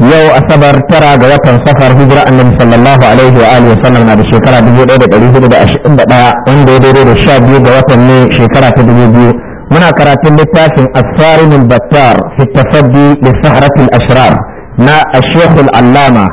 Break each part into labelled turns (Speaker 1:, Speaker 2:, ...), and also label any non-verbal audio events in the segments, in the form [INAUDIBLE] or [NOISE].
Speaker 1: yau asabar tara ga watan safar hijira annabi sallallahu alaihi wa alihi wasallam na da shekara 1421 wanda ya daidai da sha biyu ga watan ne shekara ta dubu biyu muna karatun littafin asarin al-battar fi tafaddi li sahratil ashrar na ashekul allama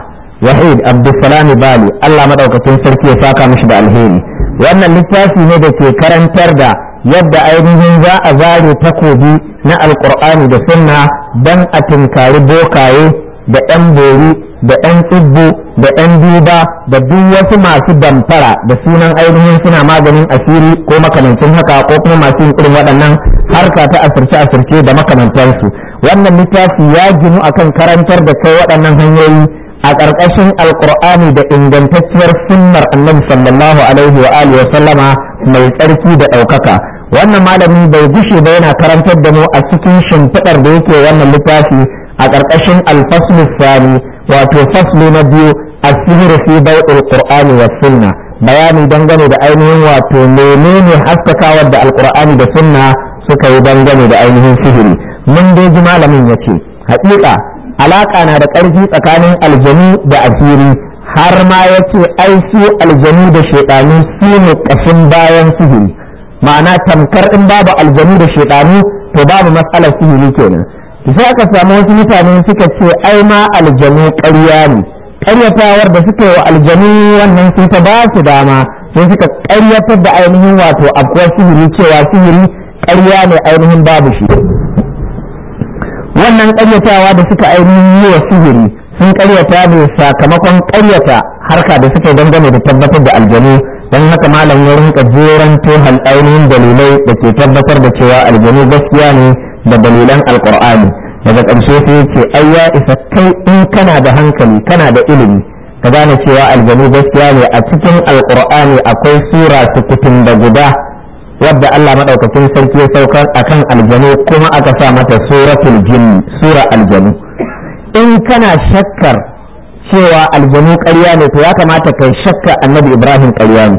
Speaker 1: wahid abdulsalami bali allah madaukakin sarki ya saka mishi da alheri wannan littafi ne da ke karantar da yadda ainihin za a zare takobi na alkur'ani da sunna dan a tunkari bokaye da 'yan bori da 'yan tsibbo da 'yan duba da duk wasu masu damfara da sunan ainihin suna maganin asiri ko makamancin haka ko kuma masu yin irin waɗannan harka ta asirce asirce da makamantansu wannan littafi ya ginu akan karantar da kai waɗannan hanyoyi a ƙarƙashin alƙur'ani da ingantacciyar sunnar annabi sallallahu alaihi wa alihi wa sallama mai tsarki da ɗaukaka wannan malami bai gushe ba yana karantar da mu a cikin shimfiɗar da yake wannan littafi a ƙarƙashin alfaslu sani wato faslu na biyu asihir fi bai'ul qur'ani wa sunna bayani dangane da ainihin wato menene haskakawar da alqur'ani da sunna suka yi dangane da ainihin sihiri mun dai ji malamin yace haƙiƙa alaka na da ƙarfi tsakanin aljanu da asiri har ma yace ai su aljanu da shaytanu su ne bayan sihiri ma'ana tamkar in babu aljanu da shaytanu to babu matsalar sihiri kenan sai aka samu wasu mutane suka ce ai ma aljanu ƙarya ne ƙaryatawar da suke wa aljanu wannan sun ta ba su dama sai suka ƙaryatar da ainihin wato akwai sihiri cewa sihiri ƙarya ne ainihin babu shi wannan ƙaryatawa da suka ainihin yi wa sihiri sun ƙaryata ne sakamakon ƙaryata harka da suka dangane da tabbatar da aljanu don haka malam ya rinka jeran to ainihin dalilai da ke tabbatar da cewa aljanu gaskiya ne da dalilan alkur'ani daga ƙarshe sai yace ai ya isa kai in kana da hankali kana da ilimi ka gane cewa aljanu gaskiya ne a cikin alkur'ani akwai sura sukutun da guda wadda Allah madaukakin sarki ya saukar akan aljanu kuma aka sa mata suratul jinni sura aljanu in kana shakkar cewa aljanu ƙarya ne to ya kamata kai shakka annabi ibrahim ƙarya ne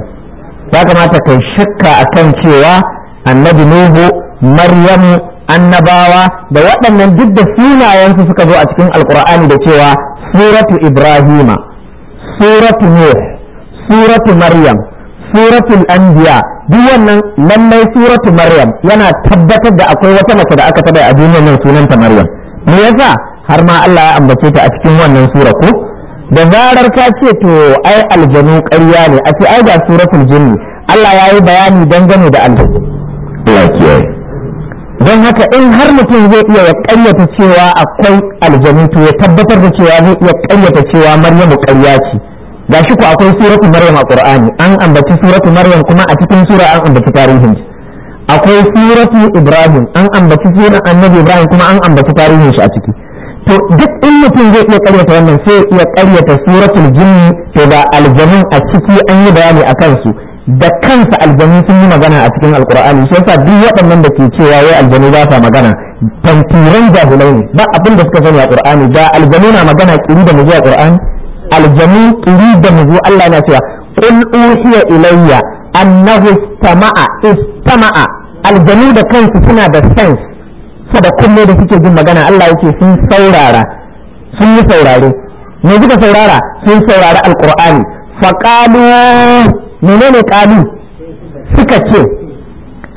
Speaker 1: ya kamata kai shakka akan cewa annabi nuhu maryamu annabawa da waɗannan duk da sunayensu suka zo a cikin alkur'ani da cewa suratu ibrahima suratu nuh suratu maryam suratu anbiya duk wannan lallai suratu maryam yana tabbatar da akwai wata mace da aka taɓa a duniyar nan sunanta maryam me yasa har ma Allah ya ambace ta a cikin wannan sura da zarar ka ce to ai aljanu ƙarya ne a ce ai da suratul jinni Allah ya yi bayani dangane da aljanu don haka in har mutum zai iya ya ƙayyata cewa akwai aljanu to ya tabbatar da cewa zai iya ƙayyata cewa maryamu ƙarya ce Ga shi ku akwai suratu maryam a qur'ani an ambaci suratu maryam kuma a cikin sura an ambaci tarihin shi akwai suratu ibrahim an ambaci suran annabi ibrahim kuma an ambaci tarihin shi a ciki to duk in mutum zai iya ƙaryata wannan sai ya iya ƙaryata suratul jinni to da aljanun a ciki an yi bayani akan su da kansa aljanu sun yi magana a cikin alkur'ani shi yasa duk waɗannan da ke cewa wai aljanu ba sa magana tantiran jahilai ne ba abin da suka sani a qur'ani da aljanu na magana kiri da muzu a qur'ani aljanu kiri da muzu Allah na cewa qul uhiya ilayya annahu istama'a istama'a aljanu da kansu suna da sense sada kunne da suke jin magana Allah yake sun saurara sun yi saurare me suka saurara sun saurari alqur'ani faqalu menene kalu suka ce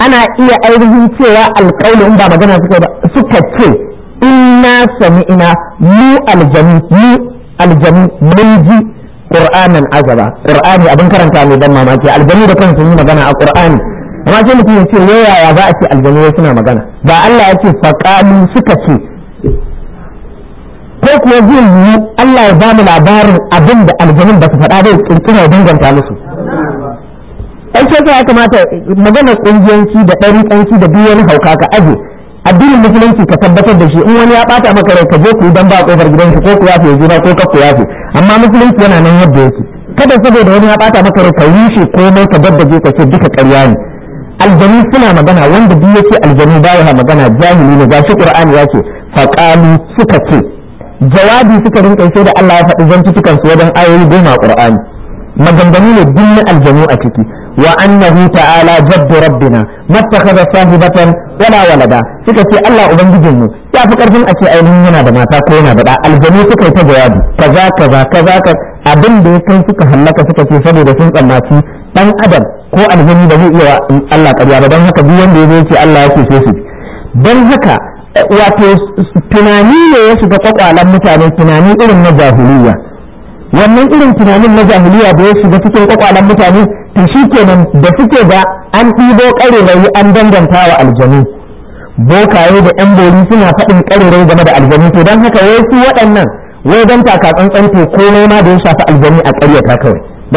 Speaker 1: ana iya ainihin cewa alƙauli in ba magana suka ba suka ce inna sami'na mu aljami mu aljami mun ji qur'anan azaba qur'ani abin karanta ne dan mamaki aljami da kansu yi magana a qur'ani amma sai mutum ya ce yaya za a ce aljami suna magana ba Allah ya ce faqalu suka ce ko kuwa zai yi Allah ya ba mu labarin abin da aljamin ba su faɗa bai kirkira danganta musu ai ke ya kamata maganar kungiyanci da ɗariƙanci da duk wani hauka ka aje addinin musulunci ka tabbatar da shi in wani ya bata maka rai ka je ku dan ba kofar gidansu ko ku yafe juna ko ka ku yafe amma musulunci yana nan yadda yake kada saboda wani ya bata maka rai ka rushe komai ka daddaje ka ce duka ƙarya ne aljanu suna magana wanda duk yake aljanu baya magana jahili ne gashi qur'ani ya ce faqalu suka ce jawabi suka rinka sai da Allah ya faɗi zantukan su wajen ayoyi goma qur'ani maganganu ne duk na aljanu a ciki وأنه تعالى جد ربنا ما اتخذ صاحبة ولا ولدا سكتي الله أبنجدهم يا فكر فين أتي أينهم ينا دما تاكونا بدا الجميع سكي تجواب كذا كذا كذا كذا abin da ya kai suka hallaka suka ce saboda sun tsammaci dan adam ko da ba zai iya Allah ƙarya ba don haka bi wanda ya ce Allah ya so su don haka wato tunani ne ya shiga kwakwalan mutane tunani irin na jahiliya wannan irin tunanin na jahiliya da ya shiga cikin kwakwalan mutane to shi kenan da suke da an ɗibo ƙarerayi an danganta wa aljanu bokaye da yan bori suna faɗin ƙarerayi game da aljanu to don haka wai su waɗannan wai don taka tsantsan to ko ma da ya shafi aljanu a ta kawai da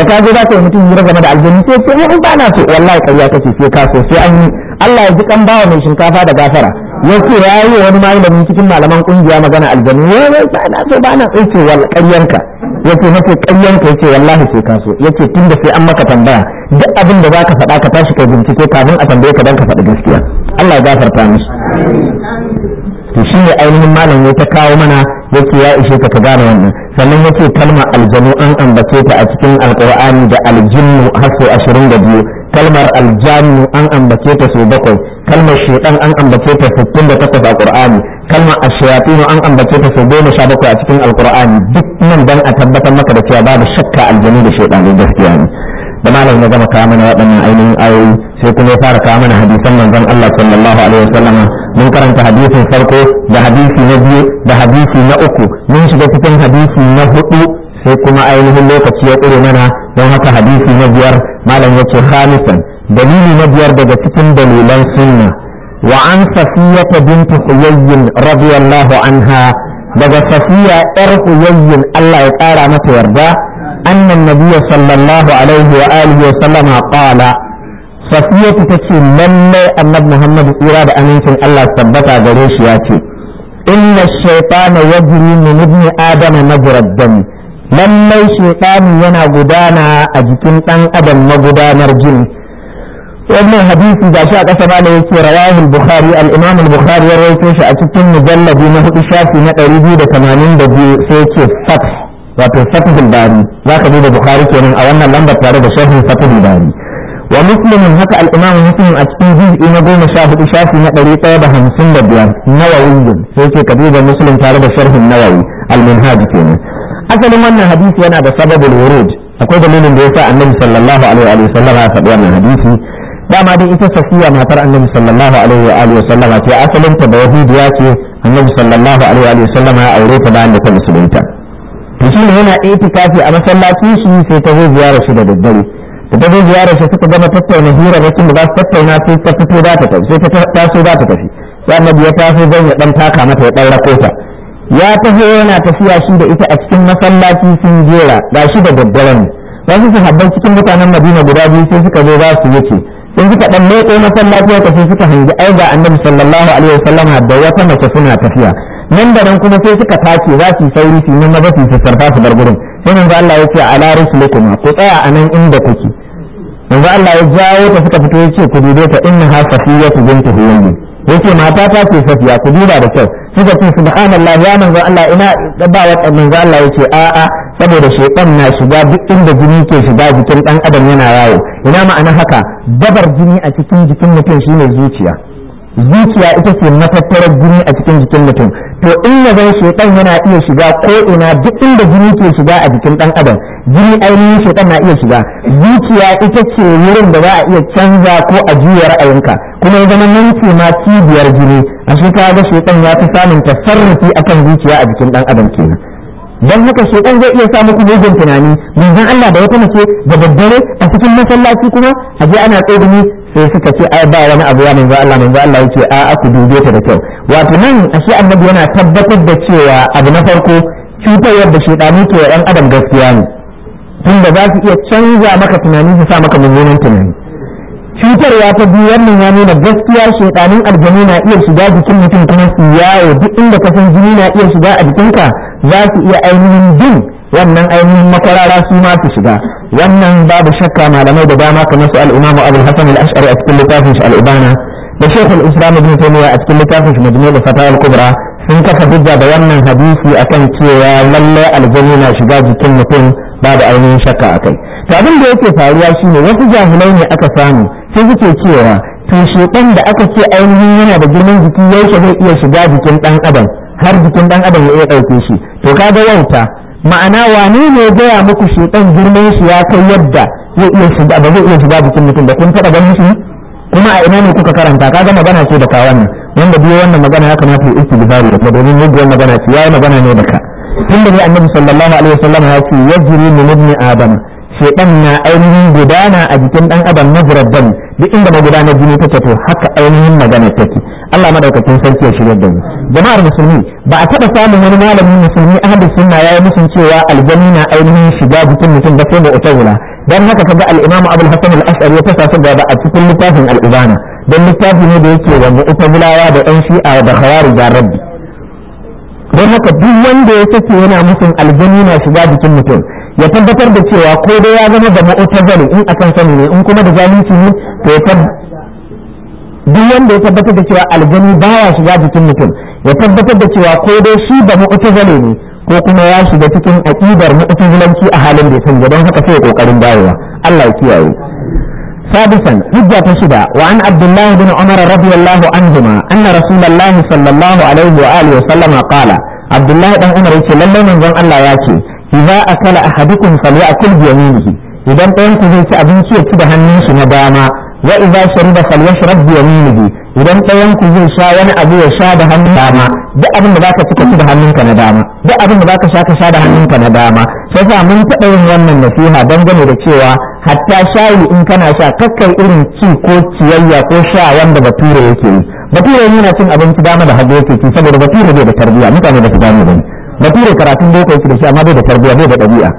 Speaker 1: ka zo za ka yi mutum hira game da aljanu sai ce in ba na so wallahi ƙarya ce sai ka so sai an yi Allah ya ji kan bawa mai shinkafa da gafara ya ce ya yi wani malamin cikin malaman ƙungiya magana aljanu wai ba na so ba na tsaye ce wal ƙaryanka yace mafi kayan ka yace wallahi sai ka so yace tunda sai an maka tambaya duk abin da zaka faɗa ka tashi kai bincike kafin a tambaye ka dan ka faɗi gaskiya Allah ya gafarta musu to shine ainihin malam ya ta kawo mana yace ya ishe ka ka gane wannan sannan yace kalma aljanu an ambace ta a cikin alqur'ani da aljinnu har ashirin da biyu kalmar aljanu an ambace ta sau bakwai kalmar shaitan an ambace ta sittin da takwas a qur'ani kalmar ashayatinu an ambace ta sau goma sha bakwai a cikin alkur'ani duk nan dan a tabbatar maka da cewa babu shakka aljanu da shaidanu gaskiya ne da malam na gama kawo mana waɗannan ainihin ayoyi sai kuma ya fara kawo mana hadisan manzon Allah sallallahu alaihi mun karanta hadisin farko da hadisi na biyu da hadisi na uku mun shiga cikin hadisi na hudu sai kuma ainihin lokaci ya ƙure mana don haka hadisi na biyar malam ya ce dalili na biyar daga cikin dalilan sunna وعن صفية بنت حيي رضي الله عنها daga safiya yar huyayyin Allah ya ƙara mata yarda annan nabiyyu sallallahu alaihi wa alihi wa sallama qala safiya ta ce lallai annabi Muhammad tsira da amincin Allah tabbata gare shi yace ce inna shaytana yajri min ibni adama majrad dam lallai shaytani yana gudana a jikin dan adam magudanar jini wannan hadisi ga shi a ƙasa ma da yake rawahu al bukhari al-imam al-bukhari ya rawaito shi a cikin mujalladi na hudu shafi na 282 sai yake fat wato fathul bari za ka da bukhari kenan a wannan lambar tare da sharhin fathul bari wa muslimin haka al-imam muslim a cikin juz'i na 14 shafi na 155 nawawi sai yake kabila muslim tare da sharhin nawawi al-minhaj kenan asalin wannan hadisi yana da sababul wurud akwai dalilin da yasa annabi sallallahu alaihi wa sallam ya faɗi wannan hadisi dama dai ita safiya matar annabi sallallahu alaihi wa alihi wasallam ce asalin ta da yahudiya ce annabi sallallahu alaihi wa sallam ya aure ta bayan da ta musulunta to shi ne yana itikafi a masallaci shi sai ta zo ziyara shi da daddare da ta zo ziyara shi suka gama tattauna hira da kuma za su tattauna sai ta fito za ta tafi sai ta taso za ta tafi sai annabi ya taso zan ya dan taka mata ya dan rako ta ya taho yana tafiya shi da ita a cikin masallaci sun jera shi da daddare ne wasu sahabban cikin mutanen Madina guda biyu sai suka zo za su yake. in suka dan leƙo masallaci haka sai suka hangi ai ga annabi sallallahu alaihi wasallam da wata mace suna tafiya nan da nan kuma sai suka tace za su sauri su nan maza su sarfa su bar gurin sai manzo Allah ya ce ala rusulukum ku tsaya a nan inda kuke manzo Allah ya jawo ta suka fito ya ce ku dube ta inna ha safiyatu bintu huwayi yace mata ta ce safiya ku duba da kyau suka ce subhanallah ya manzo Allah ina ba wa manzo Allah yace a a saboda shekwan na shiga duk inda jini ke shiga jikin ɗan adam yana yawo ina ma'ana haka dabar jini a cikin jikin mutum shine zuciya zuciya ita ce matattarar jini a cikin jikin mutum to in na zai shekwan yana iya shiga ko ina duk inda jini ke shiga a jikin ɗan adam jini ainihin shekwan na iya shiga zuciya ita ce wurin da za a iya canza ko a juya ra'ayinka kuma ya zama minti ma cibiyar jini a shi ka ya fi samun tasarrufi akan zuciya a jikin ɗan adam kenan dan haka shekan zai iya sa muku mugun tunani manzon Allah da wata mace da daddare a cikin masallaci kuma a je ana tsogumi sai suka ce ai ba wani abu ya manzon Allah manzon Allah yake a aku dube ta da kyau wato nan ashe annabi yana tabbatar da cewa abu na farko cutar yadda shedani ke yan adam gaskiya ne tunda za su iya canza maka tunani su sa maka mummunan tunani cutarwa ta biyu wannan ya nuna gaskiya shedanin aljanu na iya shiga jikin mutum kuma su yawo duk inda ka san jini na iya shiga a jikinka za su iya ainihin bin wannan ainihin makwarara su ma su shiga wannan babu shakka malamai da dama kamar su al-imamu abul hasan al-ash'ari a cikin littafin shi al da shekul islam ibn taymiya a cikin littafin shi majmu' da fatawa al-kubra sun kafa hujja da wannan hadisi akan cewa lalle aljanna na shiga jikin mutum babu ainihin shakka akai to abin da yake faruwa shine wasu jahilai ne aka samu sai suke cewa to shekan da aka ce ainihin yana da girman jiki yaushe zai iya shiga jikin dan adam har jikin dan adam ya iya ɗauke shi to kaga wauta ma'ana wani ne ya gaya muku shekan girman shi ya kai yadda ya iya shiga ba zai iya shiga jikin mutum da kun taɓa ganin shi kuma a ina ne kuka karanta kaga magana ce da kawan ne wanda biyo wannan magana ya kamata ya istighfari da domin muguwar magana ce yayi magana ne da ka da ne annabi sallallahu alaihi wasallam ya ce yajri min ibni adam shekan na ainihin gudana a jikin dan adam na dami duk inda magudanar jini take to haka ainihin magana take Allah madaukakin sarki ya shigar da mu jama'ar musulmi ba a taba samun wani malamin musulmi ahadu sunna yayi musun cewa aljani na ainihin shiga jikin mutum ba sai mu utawula dan haka kaga al-imamu abul hasan al-ash'ari ya tasa ga a cikin littafin al-ibana dan littafin ne da yake wanda utawulawa da yan shi'a da khawarij da rabbi don haka duk wanda ya sake yana musun aljani na shiga jikin mutum ya tabbatar da cewa ko dai ya zama da mu'tazali in akan sani ne in kuma da zalunci ne to ya duk wanda ya tabbatar da cewa aljani baya shiga jikin mutum ya tabbatar da cewa ko dai shi da mu'tazali ne ko kuma ya shiga cikin aqidar mu'tazilanci a halin da sanya don haka sai kokarin dawowa Allah ya kiyaye سادسا حجة شدة وعن عبد الله بن عمر رضي الله عنهما أن رسول الله صلى الله عليه وآله وسلم قال عبد الله بن عمر يقول لله من الله ياتي idza akala ahadukum falyakul bi yaminihi idan ɗayan ku zai ci abinci ya ci da hannun shi na dama wa idza shariba falyashrab bi yaminihi idan ɗayan ku zai sha wani abu ya sha da hannun dama duk abin da zaka ci ka ci da hannunka na dama duk abin da zaka sha ka sha da ka na dama sai sa mun taɓa yin wannan nasiha gane da cewa hatta shayi in kana sha kakkar irin ci ko ciyayya ko sha wanda bature yake yi bature yana cin abinci dama da hagu yake ci saboda bature bai da tarbiyya mutane da su gane ba ne bature karatun boko yake da shi amma bai da tarbiyya bai da ɗabi'a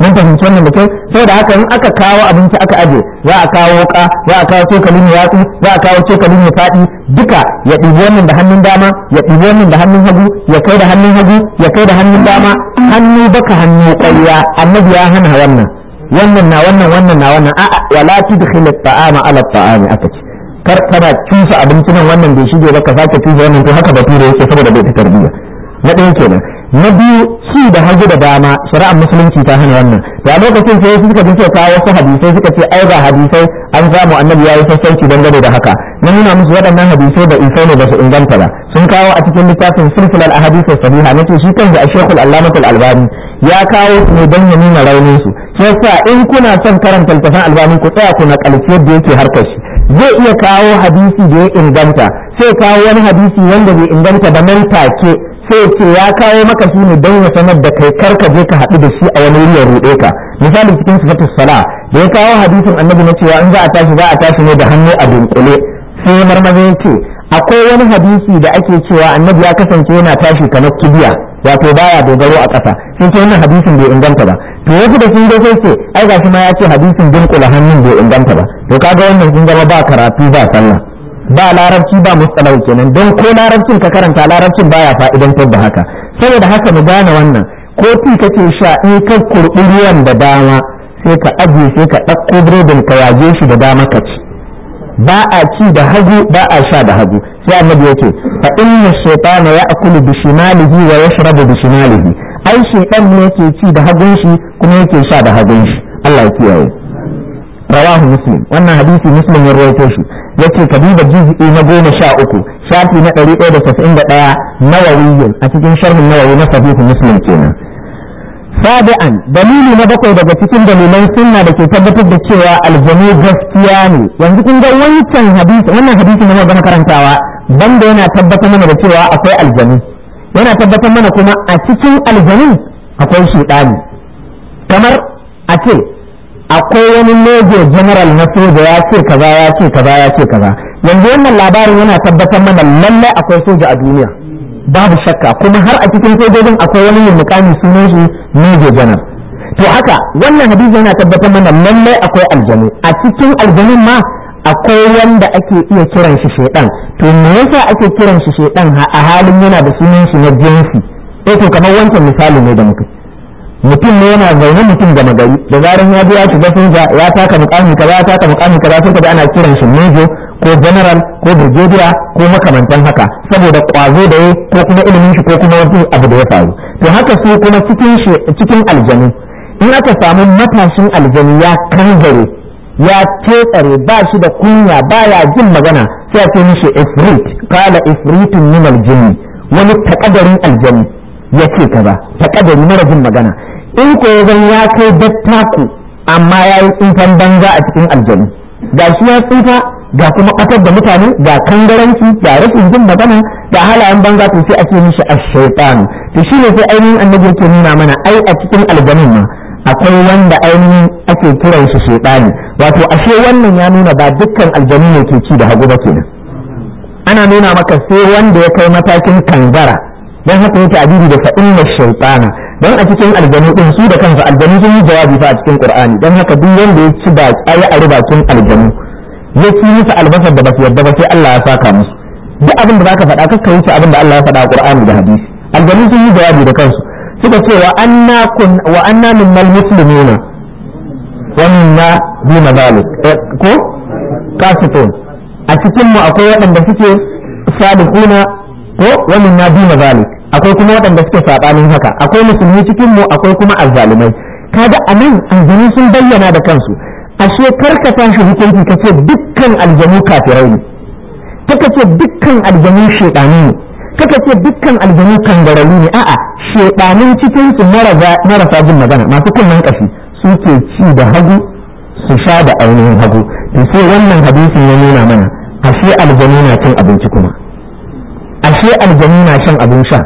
Speaker 1: mun fahimci wannan da kyau saboda haka in aka kawo abinci aka aje za a kawo ka za a kawo cokali ne yatsu za a kawo cokali ne faɗi duka ya ɗibi wannan da hannun dama ya ɗibi wannan da hannun hagu ya kai da hannun hagu ya kai da hannun dama hannu baka hannu ƙwaiya annabi ya hana wannan wannan na wannan wannan na wannan a'a wala tudkhil at-ta'ama ala at-ta'ami aka ce kar kana cusa abincin wannan bai shige ba ka sake cusa wannan to haka bature yake saboda bai ta tarbiyya na ɗaya kenan na biyu su da hagu da dama shari'ar musulunci ta hana wannan da a lokacin sai suka ji kawo wasu hadisai suka ce ai ga hadisai an samu annabi ya yi sassauci dangane da haka na nuna musu waɗannan hadisai da isa ne ba su inganta ba sun kawo a cikin littafin a hadisa sabiha na ce shi kan kansa a shekul allamatul albani ya kawo su ne don ya nuna raunin su sai sa in kuna son karanta littafin albani ku tsaya ku na kalci yadda yake harkar shi zai iya kawo hadisi da ya inganta sai kawo wani hadisi wanda bai inganta ba nan take sai ce ya kawo maka shi ne don ya sanar da kai kar ka je ka haɗu da shi a wani wuri ruɗe ka misali cikin sifatus sala da ya kawo hadisin annabi na cewa in za a tashi za a tashi ne da hannu a dunkule sai marmaza ya ce akwai wani hadisi da ake cewa annabi ya kasance yana tashi kamar kibiya wato baya dogaro a ƙasa sun ce wannan hadisin bai inganta ba to wasu da sun ga sai ce ai gashi ma ya ce hadisin dunkula hannun bai inganta ba to kaga wannan sun zama ba karatu ba sallah ba larabci ba mustalahu kenan don ko larabcin ka karanta larabcin baya fa'idantar da haka saboda haka mu gane wannan ko ti kake sha in ka kurbi ruwan da dama sai ka aje sai ka ɗauko biredin ka yaje shi da dama ka ci ba a ci da hagu ba a sha da hagu sai annabi yake fa inna shaytana ya'kulu bi shimalihi wa yashrabu bi shimalihi ai shaytan ne yake ci da hagun shi kuma yake sha da hagun shi Allah ya kiyaye rawahu muslim wannan hadisi muslim ya rawaito shi ce kabiba juz'i na gona sha uku shafi na ɗari ɗaya da casa'in da ɗaya nawawiyin a cikin sharhin nawawi na sahihu muslim kenan sabi'an dalili na bakwai daga cikin dalilai sunna da ke tabbatar da cewa aljanu gaskiya ne yanzu kun ga wancan hadisi wannan hadisi na magana karantawa banda yana tabbatar mana da cewa akwai aljanu yana tabbatar mana kuma a cikin aljanun akwai shudani kamar a ce akwai wani major general na soja ya ce kaza ya ce kaza ya ce kaza yanzu wannan labarin yana tabbatar mana lallai akwai soja a duniya babu shakka kuma har a cikin sojojin akwai wani mai mukami sunan shi major general to haka wannan hadisi yana tabbatar mana lallai akwai aljanu a cikin aljanun ma akwai wanda ake iya kiran shi shedan to me yasa ake kiran shi shedan a halin yana da sunan shi na jinsi eh to kamar wancan misali ne da muka mutum ne yana zaune mutum gama gari da zaran ya biya shiga sunja ya taka mukami kaza ya taka mukami kaza sun da ana kiran shi mejo ko general ko brigadier ko makamantan haka saboda kwazo da ya ko kuma ilimin shi ko kuma wani abu da ya faru to haka su kuma cikin cikin aljanu in aka samu matashin aljanu ya kanzare ya tsare ba shi da kunya ba ya jin magana sai a ce mishi ifrit kala ifritun min aljini wani takadarin aljanu ya ce ba ta kadari mara jin magana in ko ya zan ya kai dattaku amma ya yi tsufan banza a cikin aljanu ga shi ya tsufa ga kuma ƙasar da mutane ga kangaranci ga rashin jin magana da halayen banza to sai ake ce mishi a shaitan to shi ne sai ainihin annabi yake nuna mana ai a cikin aljanun ma akwai wanda ainihin ake kiran shi shaitani wato ashe wannan ya nuna ba dukkan aljanu ne ke ci da hagu ba kenan ana nuna maka sai wanda ya kai matakin kangara Don haka yake adidi da fa'inna shaitana, don a cikin aljanu din su da kansu aljanu sun yi jawabi fa a cikin qur'ani Don haka duk wanda ya ci ba ayi a ribacin aljanu ya ci musu albasar da basu yarda ba sai Allah ya saka musu duk abin da ka faɗa kakka wuce abin da Allah ya faɗa a qur'ani da hadisi aljanu sun yi jawabi da kansu suka ce wa anna kun wa anna minnal muslimina wa minna duna zalik eh, ko kasifun a cikin mu akwai waɗanda suke sadikuna ko wa minna duna zalik akwai kuma waɗanda suke saɓanin haka akwai musulmi cikin mu akwai kuma azzalumai kaga anan aljanu sun bayyana da kansu ashe karka tashi hukunci ka ce dukkan aljanu kafirai ne kaka ce dukkan aljanu shaidani ne kaka ce dukkan aljanu kangararru ne a'a shaidanin cikin su marasa jin magana masu kunnen kashi suke ci da hagu su sha da ainihin hagu to sai wannan hadisin ya nuna mana ashe aljanu na cin abinci kuma ashe aljanu na shan abin sha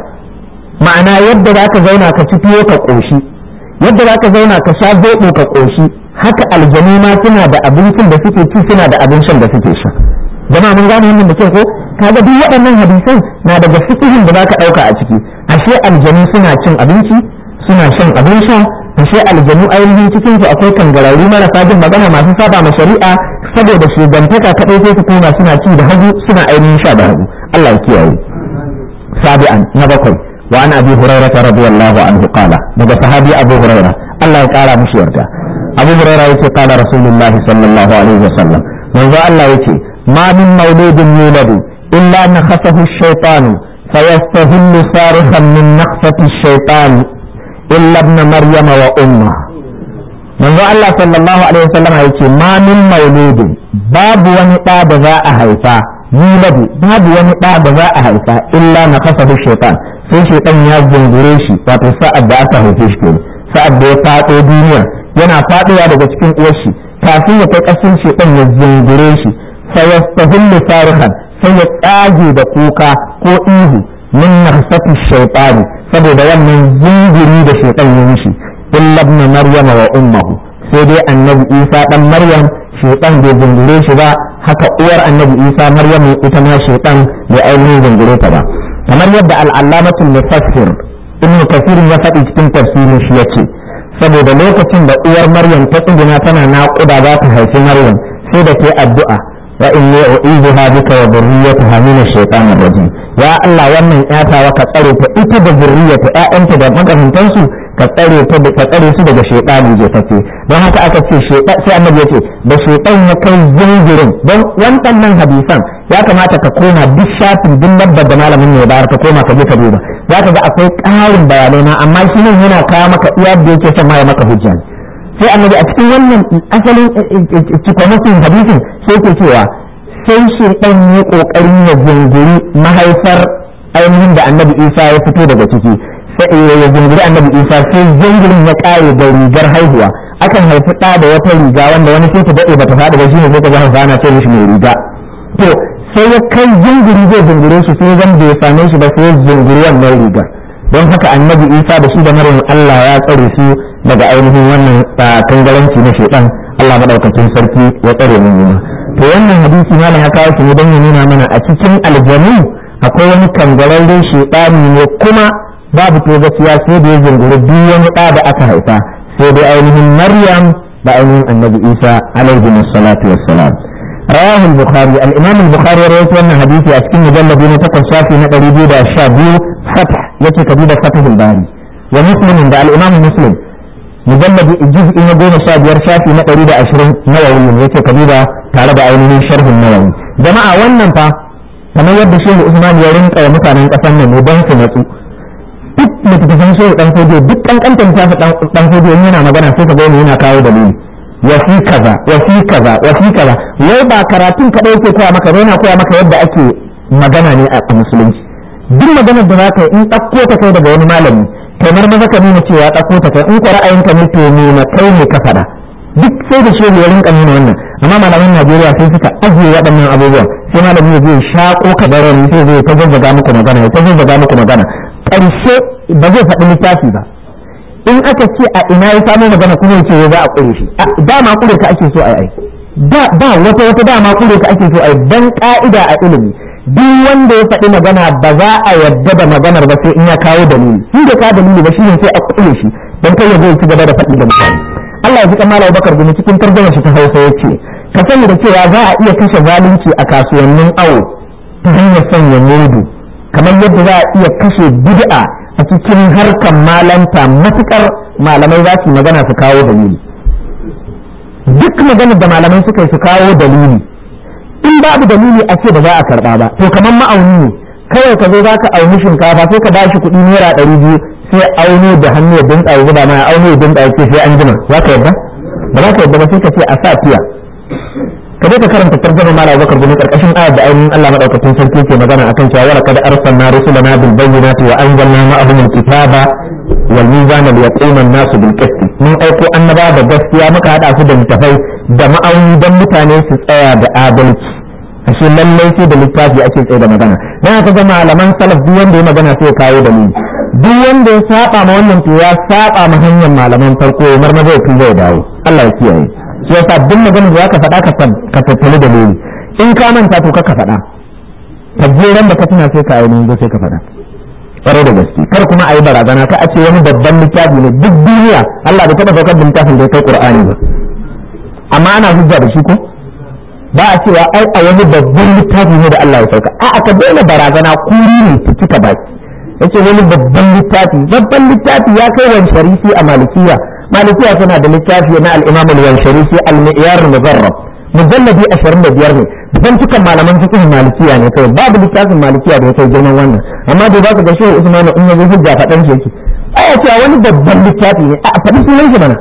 Speaker 1: ma'ana yadda za ka zauna ka ci tuwo ka ƙoshi yadda za ka zauna ka sha zoɓo ka ƙoshi haka aljanu ma suna da abincin da suke ci suna da abincin da suke sha jama'a mun gane wannan da kyau ko kaga duk waɗannan hadisai na daga fikihin da za ka ɗauka a ciki ashe aljanu suna cin abinci suna shan abin sha ashe aljanu ainihin cikin su akwai kangararru marasa jin magana masu saba ma shari'a saboda shugantaka ta ɗauke su koma suna ci da hagu suna ainihin sha da hagu Allah ya kiyaye sabi'an na bakwai وعن أبي هريرة رضي الله عنه قال daga sahabi Abu Hurairah Allah ya kara mushi yarda Abu Hurairah yace qala Rasulullahi sallallahu alaihi wasallam manzo Allah yace ma min mauludin yuladu illa an khasahu ash-shaytan fayastahillu sarihan min naqsati ash-shaytan illa ibn maryam wa umma manzo Allah sallallahu alaihi wasallam yace ma min mauludin babu wani da da za a haifa yuladu babu wani ɗa da za a haifa illa na sai shaitan ya zungure shi wato sa'ad da aka haife shi kenan sa'ad da ya faɗo duniya yana faɗowa daga cikin uwar shi kafin ya kai ƙasin shaitan ya zungure shi fa yastahillu sarihan sai ya ƙage da kuka ko ihu min hasafi shaitani saboda wannan zunguri da shaitan ya mishi illa ibn Maryam wa ummahu sai dai annabi isa dan maryam shaitan bai zungure shi ba haka uwar annabi isa maryam ita ma shaitan bai ainihin zungure ta ba kamar yadda ne mufassir ibn kasir ya faɗi cikin tafsirin shi ce saboda lokacin da uwar maryam ta tsuguna tana naƙuda za ta haifi maryam sai da ke addu'a wa in ne uizuha bika wa dhurriyyataha min ash-shaytanir rajim ya Allah wannan yata ka tsare ta ita da zurriyarta ƴaƴanta da magabantansu ka su daga shekaru je tafi don haka aka ce shaytan sai annabi ce da shekaru na kai zingirin don wannan hadisan ya kamata ka koma duk shafin duk babbar da malamin ne bayar ka koma ka je ka duba za ka ga akwai ƙarin bayanai na amma shi ne yana kawo maka iya da yake son ma maka hujja sai annabi a cikin wannan asalin eh, eh, eh, cikamakin hadisin sai ke cewa sai shekaru ne kokarin ya zingiri mahaifar ainihin da annabi Isa ya fito daga ciki sai ya zunguri annabi isa sai zungurin ya kare da rigar haihuwa akan haifi ɗa da wata riga wanda wani sai ta daɗe ba ta faɗi ba shine sai ka zama zana ce mishi mai riga to sai ya kai zunguri zai zungure shi sai zan bai same shi ba sai ya zunguri wannan riga don haka annabi isa da shi da marar allah ya tsare su daga ainihin wannan kangaranci na shedan allah maɗaukacin sarki ya tsare mu to wannan hadisi na ya kawo shi ne don ya nuna mana a cikin aljanu akwai wani kangararren shedani ne kuma babu to gaskiya sai da ya zunguri duk wani ɗa da aka haifa sai dai ainihin maryam da ainihin annabi isa alaihi salatu wassalam رواه البخاري الإمام البخاري رواه أن حديث أسكن مجلد بن تقل شافي نقل يجيب الشابي فتح يكي كبيرة فتح الباري ومسلم عند الإمام مسلم مجلد الجزء نقول شابي شافي نقل يجيب عشرين نووي يتي كبيرة تعرض عينه شرح النووي جماعة وننفع kamar yadda shehu usman ya rinka wa mutanen ƙasar nan don duk littattafan shehu dan fodiyo duk kankantar littafin dan in yana magana sai ka gani yana kawo dalili wasi kaza wasi kaza wasi kaza wai ba karatun kaɗai yake koya maka yana koya maka yadda ake magana ne a musulunci duk maganar da zaka yi in ɗauko ta kai daga wani malami kamar maza ka nuna cewa ɗauko ta kai in ko ra'ayinka ne to nuna kai ne ka faɗa duk sai da shehu ya rinka nuna wannan amma malaman Najeriya sun suka ajiye waɗannan abubuwan sai malami zai shaƙo ka da rani sai zai ta zazzaga muku magana ya ta muku magana karshe ba zai faɗi littafi ba in aka ce a ina ya samu magana kuma ya ce za a ƙure shi dama ƙure ka ake so a yi ba wata wata dama ƙure ka ake so a yi dan ƙa'ida a ilimi duk wanda ya faɗi magana ba za a yadda da maganar ba sai in ya kawo dalili in da ka dalili ba shi ne sai a ƙure shi dan kai ya zo ci gaba da faɗi da mutane Allah ya ji Abu Bakar gumi cikin tarjuma shi ta Hausa yace ka sani da cewa za a iya kashe zalunci a kasuwannin awo ta hanyar sanya mudu kamar yadda za a iya kashe bid'a a cikin harkar malanta matukar malamai za su magana su kawo dalili duk maganar da malamai suka su kawo dalili in babu dalili a ce ba za a karba ba to kamar ma'auni ne kawai ka zo za ka auni shinkafa sai ka ba shi kuɗi naira ɗari biyu sai auno da hannu ya dinka ya zuba ma auno ya dinka ya ce sai an jima za ka yadda ba za ka yadda ba sai ka ce a sa fiya ka je ka karanta tarjumar malam Abubakar bin karkashin ayar da ainihin Allah madaukakin sarki yake magana akan cewa wa laqad arsalna rusulana bil bayyinati wa anzalna ma'ahum al-kitaba wal mizana liyaqima an-nasu bil qist mun aiko annaba da gaskiya muka hada su da littafai da ma'auni dan mutane su tsaya da adalci ashe lallai sai da littafi ake tsaye da magana dan haka ga malaman salaf duk wanda ya magana sai ya kawo dalili duk wanda ya saba ma wannan to ya saba ma hanyar malaman farko mar mazo zai dawo Allah ya kiyaye shi yasa duk magana da zaka faɗa ka san ka tattali lori in ka manta to ka faɗa ka ran da ka tuna sai ka ainihin zo sai ka faɗa ƙwarai da gaske kar kuma a yi barazana ka a ce wani babban littafi ne duk duniya Allah bai taɓa saukar da littafin da ya kai Qur'ani ba amma ana hujja da shi ko ba a cewa ai a wani babban littafi ne da Allah ya sauka a'a ka daina barazana kuri ne ta ka baki yace wani babban littafi babban littafi ya kai wani sharifi a malikiya malikiya suna da littafi na al-imam al-wansharisi al-mi'yar mujalladi 25 ne dan cikin malaman fiqh malikiya ne kai babu littafin malikiya da yake girman wannan amma da baka ga shehu usman ibn yazo hujja fadan shi yake ai cewa wani babban littafi ne a fadi sunan shi mana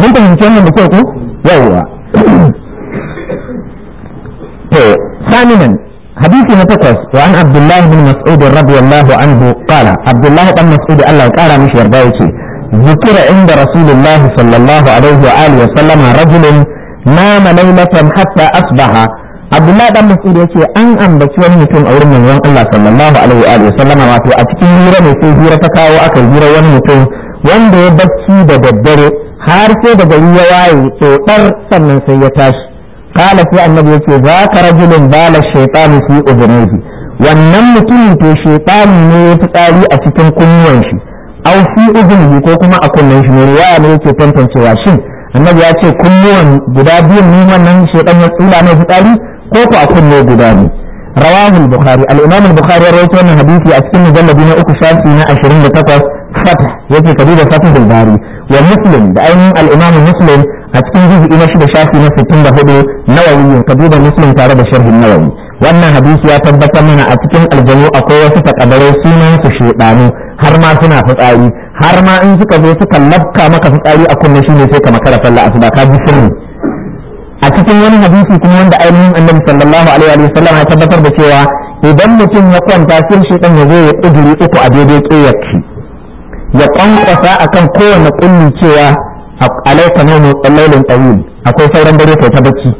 Speaker 1: mun fahimci wannan da kyau ko yawa to saminan na takwas wa an abdullahi bin mas'ud radiyallahu anhu qala abdullahi bin mas'ud Allah ya kara mishi yarda yake ذكر عند رسول الله صلى الله عليه وآله وسلم رجل نام ليلة حتى أصبح Abdullah dan Mas'ud yace an ambaci wani mutum a wurin manzon Allah sallallahu alaihi wa sallama wato a cikin hira ne sai hira ta kawo aka hira wani mutum wanda ya bacci da daddare har sai da gari ya waye tsotsar sannan sai ya tashi kala sai annabi yace za ka rajulun bala shaytanu fi udunihi wannan mutum to shaytani ne ya fi fitsari a cikin kunnuwan shi aw fi ko kuma a kunnen shi ne riwaya ne yake tantancewa shin annabi ya ce kunnuwan guda biyun ne wannan shedan ya tsula mai fitsari ko ko a kunne guda ne رواه البخاري الامام البخاري روى عن حديث اسكن مجلد بن اكو شافي 28 فتح يجي كبير فتح الباري ومسلم بعين الامام مسلم اسكن جزء الى شافي 64 نووي كبير tare da sharhin النووي wannan hadisi ya tabbatar mana a cikin aljanu akwai wasu takabarai sunan su shudanu har ma suna fitsari har ma in suka zo suka labka maka fitsari a kunne shine sai ka makara sallah asuba ka ji sirri a cikin wani hadisi kuma wanda ainihin annabi sallallahu alaihi wa sallam ya tabbatar da cewa idan mutum ya kwanta sai shi dan ya zo ya kuduri uku a daidai shi. ya kwankwasa akan kowane kulli cewa alaika ne mu tsallailin tawil akwai sauran dare kai ta bacci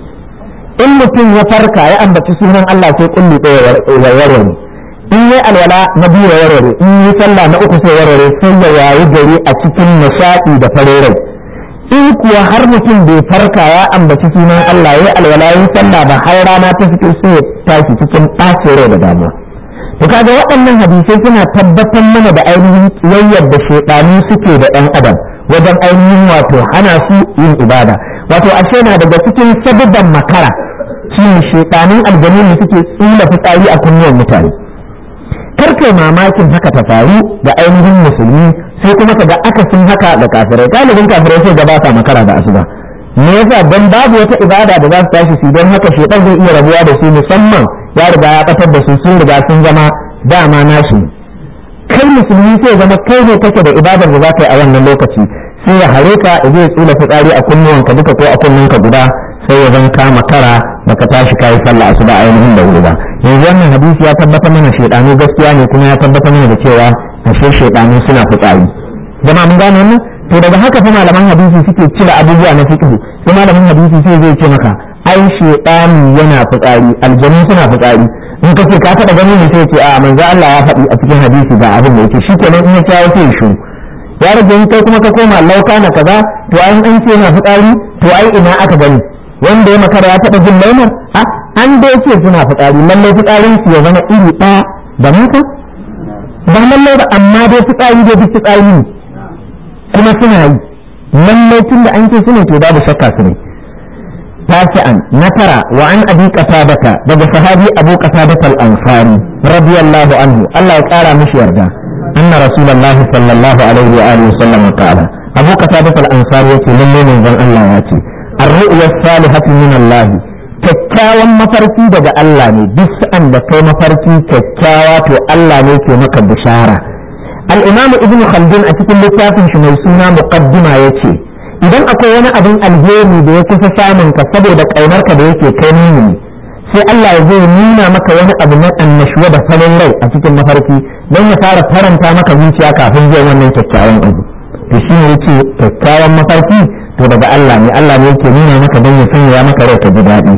Speaker 1: in mutum ya farka ya ambaci sunan Allah sai kulli ɗaya warware in yi alwala na biyu warware in yi sallah na uku sai warware sai ya yayi gari a cikin nishaɗi da farerai in kuwa har mutum bai farka ya ambaci sunan Allah ya alwala ya sallah ba har rana ta fito sai ya tashi cikin ɓacin rai da damuwa to kaga waɗannan hadisai suna tabbatar mana da ainihin yayyar da shedanu suke da ɗan adam wajen ainihin wato hana su yin ibada wato ashe na daga cikin sabidan makara shi ne shekanun aljanu ne suke tsula fitsari a kunniyar mutane karka mamakin haka ta faru ga ainihin musulmi sai kuma ka ga akasin haka da kafirai galibin kafirai sai gaba ta makara da asuba me yasa don babu wata ibada da za su tashi su don haka shekan zai iya rabuwa da su musamman ya riga ya fatar da su sun riga sun zama dama nashi kai musulmi sai zama kai ne kake da ibadar da za ka yi a wannan lokaci sai ya hare ka zai tsula fitsari a kunnuwan ka duka ko a ka guda sai ya zan kama kara baka tashi kayi sallah asuba ainihin da wuri ba yanzu wannan hadisi ya tabbata mana shedanu gaskiya ne kuma ya tabbata mana da cewa ashe shedanu suna fitsari jama'a mun gane wannan to daga haka fa malaman hadisi suke cire abubuwa na fiqh sai malamin hadisi sai zai ce maka ai shedani yana fitsari aljanu suna fitsari in kace ka taba ganin ne sai ce a manzo Allah ya faɗi a cikin hadisi ba abin da yake kenan in ya tawo sai shi ya rage in kai kuma ka koma lauka na kaza to ai an ce na fitsari to ai ina aka gani wanda ya makara ya taba jin laimar a an dai ce suna fitsari lallai fitsarin su ya zama iri ɗaya da mata ba lallai ba amma dai fitsari dai duk fitsari ne kuma suna yi lallai tun da an ce suna to babu shakka su ne na an wa an abi أبي daga sahabi abu أبو قتادة الأنصاري رضي anhu allah ya kara mishi yarda. أن رسول الله صلى الله عليه وآله وسلم قال أبو قتادة الأنصار يتي للي من ذن الله يتي الرؤيا الصالحة من الله kyakkyawan mafarki daga Allah ne duk sa'an da kai mafarki kyakkyawa to Allah ne ke maka bishara al-imamu ibnu khaldun a cikin littafin shi mai suna muqaddima yace idan akwai wani abin alheri da ya kusa samun ka saboda ƙaimarka da yake kai ne sai Allah ya zai nuna maka wani abu na annashuwa da farin rai a cikin mafarki don ya fara faranta maka zuciya kafin zai wannan kyakkyawan abu to shi ne yake kyakkyawan mafarki to daga Allah ne Allah ne yake nuna maka don ya sanya maka rai ka ji daɗi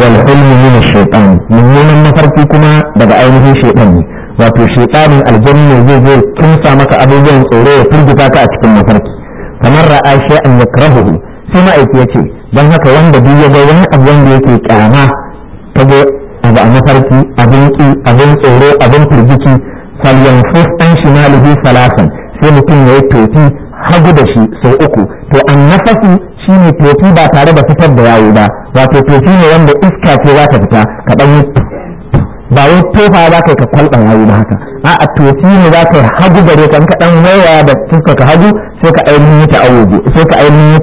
Speaker 1: wal hulmu min shaytan mummunan mafarki kuma daga ainihin shaytan ne wato shaytanin aljanna zai zo kinsa maka abubuwan tsoro ya firgita ka a cikin mafarki kamar ra'a shay'an yakrahu sai ma'aiki yace don haka wanda duk ya ga wani abu wanda yake kyama ta ga abu a mafarki abin ki abin tsoro abin firgici falyan shi na lubi salasan sai mutum ya yi hagu da shi sau uku to an nafasu shi ne tofi ba tare da fitar da yawo ba wato tofi ne wanda iska ce za ta fita ka kaɗan ba wai tofa za ka yi ka kwalɓa yawo ba haka a tofi ne za ka yi hagu gare ka kaɗan waya da fuska ka hagu sai ka ainihin yi ta'awudu sai ka ainihin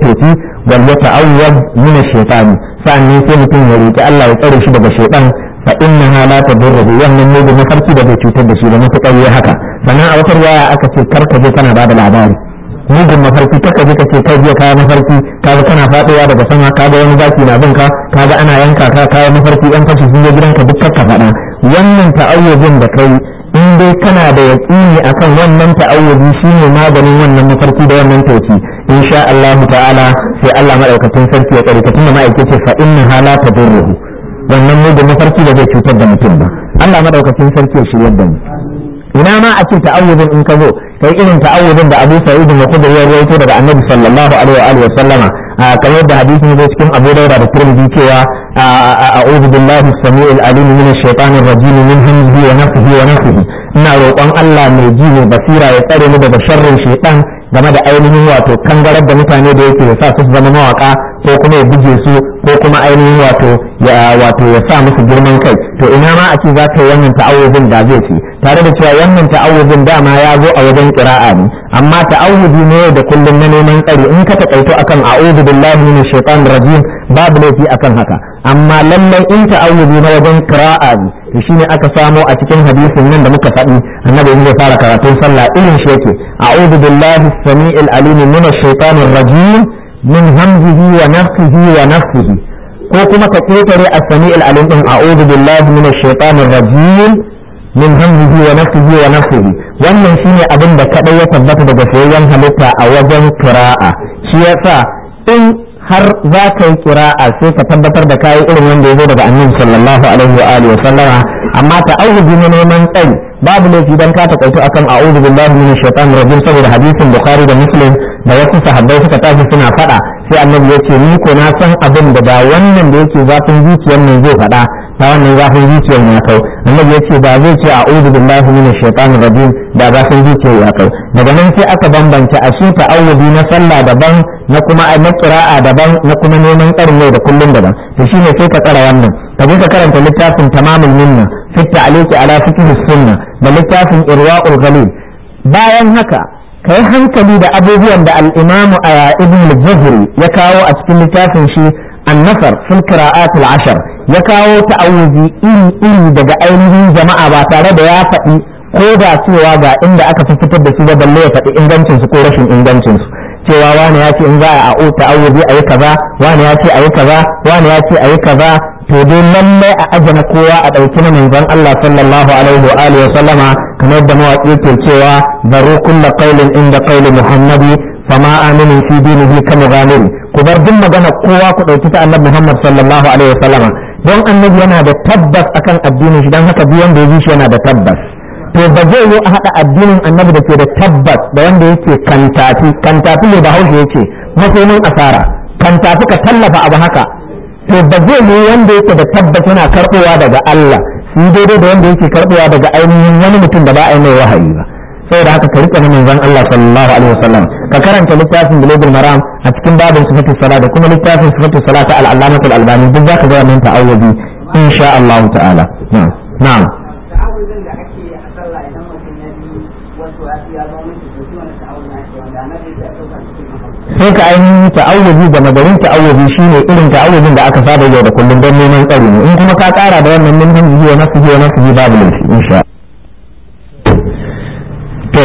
Speaker 1: yi sannan sai mutum ya roƙi Allah ya tsare shi daga shaytan fa innaha la tadurruhu wannan ne da mafarki da bai cutar da shi ba mutakar ya haka sannan a wata riwaya aka ce kar ka je kana ba da labari mugun mafarki ta kaje ce kai jiya kaya mafarki kaga kana faɗowa daga sama kaga wani zaki na binka ka kaga ana yanka ka kaya mafarki yan kashi sun je gidanka duk ka faɗa wannan ta'ayyubin da kai in dai kana da yaƙini akan wannan ta'awudi shine maganin wannan mafarki da wannan in sha Allah ta'ala sai Allah madaukakin sarki ya tsare ka ma'aikace ma'aikin ce fa inna hala tadurruhu wannan mugun mafarki da zai cutar da mutum ba Allah madaukakin sarki ya shiryar da mu ina ma a ce ta'awudin in ka zo kai irin ta'awudin da Abu Sa'id da khudri ya rawaito daga Annabi sallallahu alaihi wa wa sallama kamar da hadisi ne cikin Abu Dawud da Tirmidhi cewa أعوذ بالله السميع العليم من الشيطان الرجيم من همزه ونفسه ونفسه ina roƙon Allah mai ji mai basira ya tsare mu daga sharrin shaitan game da ainihin wato kangarar da mutane da yake ya sa su zama mawaka ko kuma ya buge su ko kuma ainihin wato ya wato ya sa musu girman kai to ina ma a ce za ta yi wannan ta'awuzin da zai ci tare da cewa wannan ta'awuzin dama ya zo a wajen qira'a ne amma ta'awuzi ne da kullum na neman tsari in ka takaito akan a'udhu billahi minash shaitanir rajim babu laifi akan haka amma lallai in ta'awuzi na wajen qira'a ne to shine aka samo a cikin hadisin nan da muka faɗi annabi in zai fara karatun sallah irin shi yake a'udhu billahi as-sami'il alim minash shaitanir rajim min hamzihi wa nafsihi wa nafsihi ko kuma ka ƙetare a sami al'alim ɗin a ozu billahi min shaitanin rajim min hamzihi wa nafsihi wa nafsihi wannan shine abin da kaɗai ya tabbata daga soyayyen halitta a wajen kira'a shi yasa in har za ka yi a sai ka tabbatar da kayi irin wanda ya zo daga annin sallallahu alaihi wa alihi sallama amma ta'awudu ne neman tsayi babu laifi dan ka takaitu akan a'udhu billahi minash shaitanir rajim saboda hadisin bukhari da muslim da wasu sahabbai suka tashi suna faɗa sai annabi ya ce ni ko na san abin da ba wannan da yake zafin zuciyar mai zai faɗa ta wannan zafin zuciyar ya kau annabi ya ce ba zai ce a'udhu billahi minash shaitanir rajim da zafin zuciyar ya kau daga nan sai aka bambance a su ta'awudi na sallah daban na kuma na qira'a daban na kuma neman karin da kullun daban to shine sai ka tsara wannan ka je ka karanta littafin tamamul minna fi ta'liqi ala fiqh sunna da littafin irwa'ul ghalib bayan haka ka yi hankali da abubuwan da al'imamu a ibn al ya kawo a cikin littafin shi annasar fil qira'at al ashar ya kawo ta'awuzi iri iri daga ainihin jama'a ba tare da ya faɗi ko da cewa ga inda aka fi fitar da su ba balle ya faɗi ingancin su ko rashin ingancin su cewa wani ya ce in za a a'u ta'awuzi yi kaza wani ya ce ayi kaza wani ya ce ayi kaza to dai lallai a ajana kowa a ɗauki na manzon Allah sallallahu alaihi wa alihi wa sallama kamar da mawaƙi ke cewa baru kulla qaulin inda qauli muhammadi sama fama aminin fi biyu kama ghalim ku bar duk magana kowa ku dauki ta annabi Muhammad sallallahu alaihi wasallama don annabi yana da tabbas akan addinin shi don haka duk wanda ya shi yana da tabbas to ba zai yi a haɗa addinin annabi da ke da tabbas da wanda yake kantafi kantafi ne da hausa yake makomin asara kantafi ka tallafa a ba haka to ba zai yi wanda yake da tabbas yana karɓowa daga Allah sai dodo da wanda yake karɓowa daga ainihin wani mutum da ba a yi mai wahayi ba saboda haka ka rike na zan Allah sallallahu alaihi wasallam ka karanta littafin bulugul maram a cikin babin sifatus sala da kuma littafin sifatus sala ta al-allamah al-albani duk zaka ga wannan ta'awudi insha Allah ta'ala na'am sai ka ainihin ta'awuzi da magarin ta'awuzi shine irin ta'awuzin da aka saba yau da kullum don neman tsari ne in kuma ka kara da wannan min hanji wa nafsi wa nafsi babu laifi insha Allah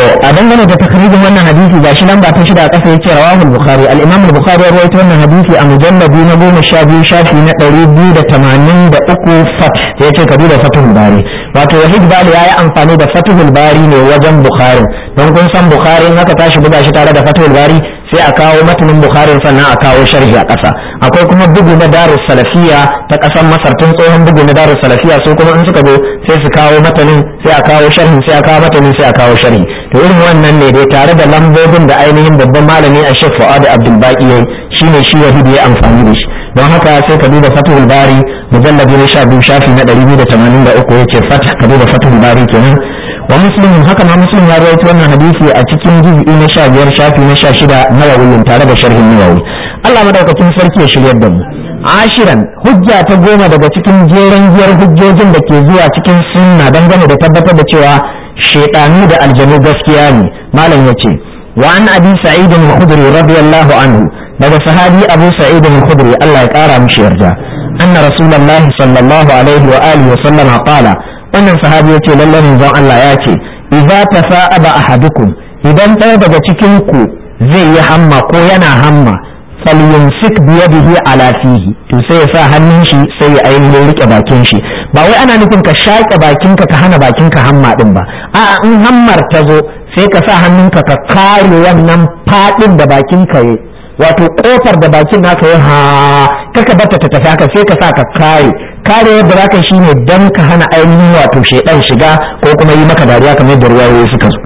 Speaker 1: a dangane da takarijin wannan hadisi gashi nan ba ta shida a ƙasa yake rawahu bukhari al-imam al-bukhari ya rawaito wannan hadisi a mujalladi na goma sha biyu shafi na ɗari biyu da tamanin da uku fat ya ce kabi da bari wato wahid bali ya yi amfani da fatihul bari ne wajen bukhari don kun san bukhari in aka tashi buga shi tare da fatihul bari sai a kawo matanin bukhari sannan a kawo sharhi a ƙasa akwai kuma bugu na darus salafiya ta kasar masar tun tsohon bugu na darus salafiya su kuma in suka zo sai su kawo matanin sai a kawo sharhi sai a kawo matanin sai a kawo sharhi to irin wannan ne dai tare da lambobin da ainihin babban malami a shek da abdulbaki yayi shine shi wahidi ya amfani da shi don haka sai ka duba fatul bari mujalladi na sha biyu shafi na ɗari biyu da tamanin da uku yace fatah ka duba fatul bari kenan wa muslimin haka ma muslim ya rawaito wannan hadisi a cikin juz'i na sha biyar shafi na sha shida wawulin tare da sharhin nawawi Allah madaukakin sarki ya shiryar da mu ashiran hujja ta goma daga cikin jeren giyar hujjojin da ke zuwa cikin sunna dangane da tabbatar da cewa shaytanu da aljanu gaskiya ne malam yace wa an abi sa'id al-khudri radiyallahu anhu daga sahabi abu sa'id al-khudri Allah ya kara mishi yarda anna rasulullah sallallahu alaihi wa alihi wa sallam qala wannan sahabi yace lallai manzon Allah ya ce idza tafa'aba ahadukum idan ɗaya daga cikin ku zai yi hamma ko yana hamma falyumsik biyadihi ala fihi to sai ya sa hannun shi sai ya ainihin rike bakin shi ba wai ana nufin ka shaƙe bakinka ka hana bakinka hamma din ba a'a in hammar ta zo sai ka sa hannunka ka kare wannan fadin da bakinka yi wato kofar da bakin naka yi ha kaka bata ta tafi haka sai ka sa ka kare kare yadda za ka shine dan ka hana ainihin wato shaidan shiga ko kuma yi maka dariya kamar da ruwa suka zo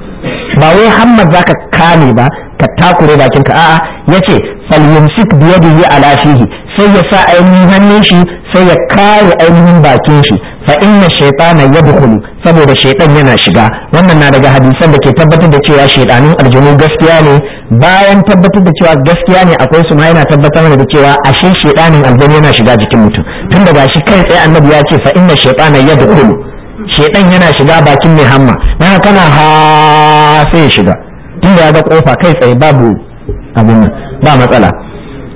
Speaker 1: ba wai hammar za ka kame ba ka takure bakinka a'a ya ce yace falyumsik biyadihi ala fihi sai ya sa ainihin hannun shi sai ya kare ainihin bakin shi fa inna shaytana yadkhulu saboda shaytan yana shiga wannan na daga hadisan da ke tabbatar da cewa shaytanin aljanu gaskiya ne bayan tabbatar da cewa gaskiya ne akwai su ma yana tabbatar da cewa ashe shaytanin aljanu yana shiga jikin mutum tun daga shi kai tsaye annabi ya ce fa inna shaytana yadkhulu shaytan yana shiga bakin mai hamma na kana ha sai ya shiga tun da ya ga kofa kai tsaye babu abin nan ba matsala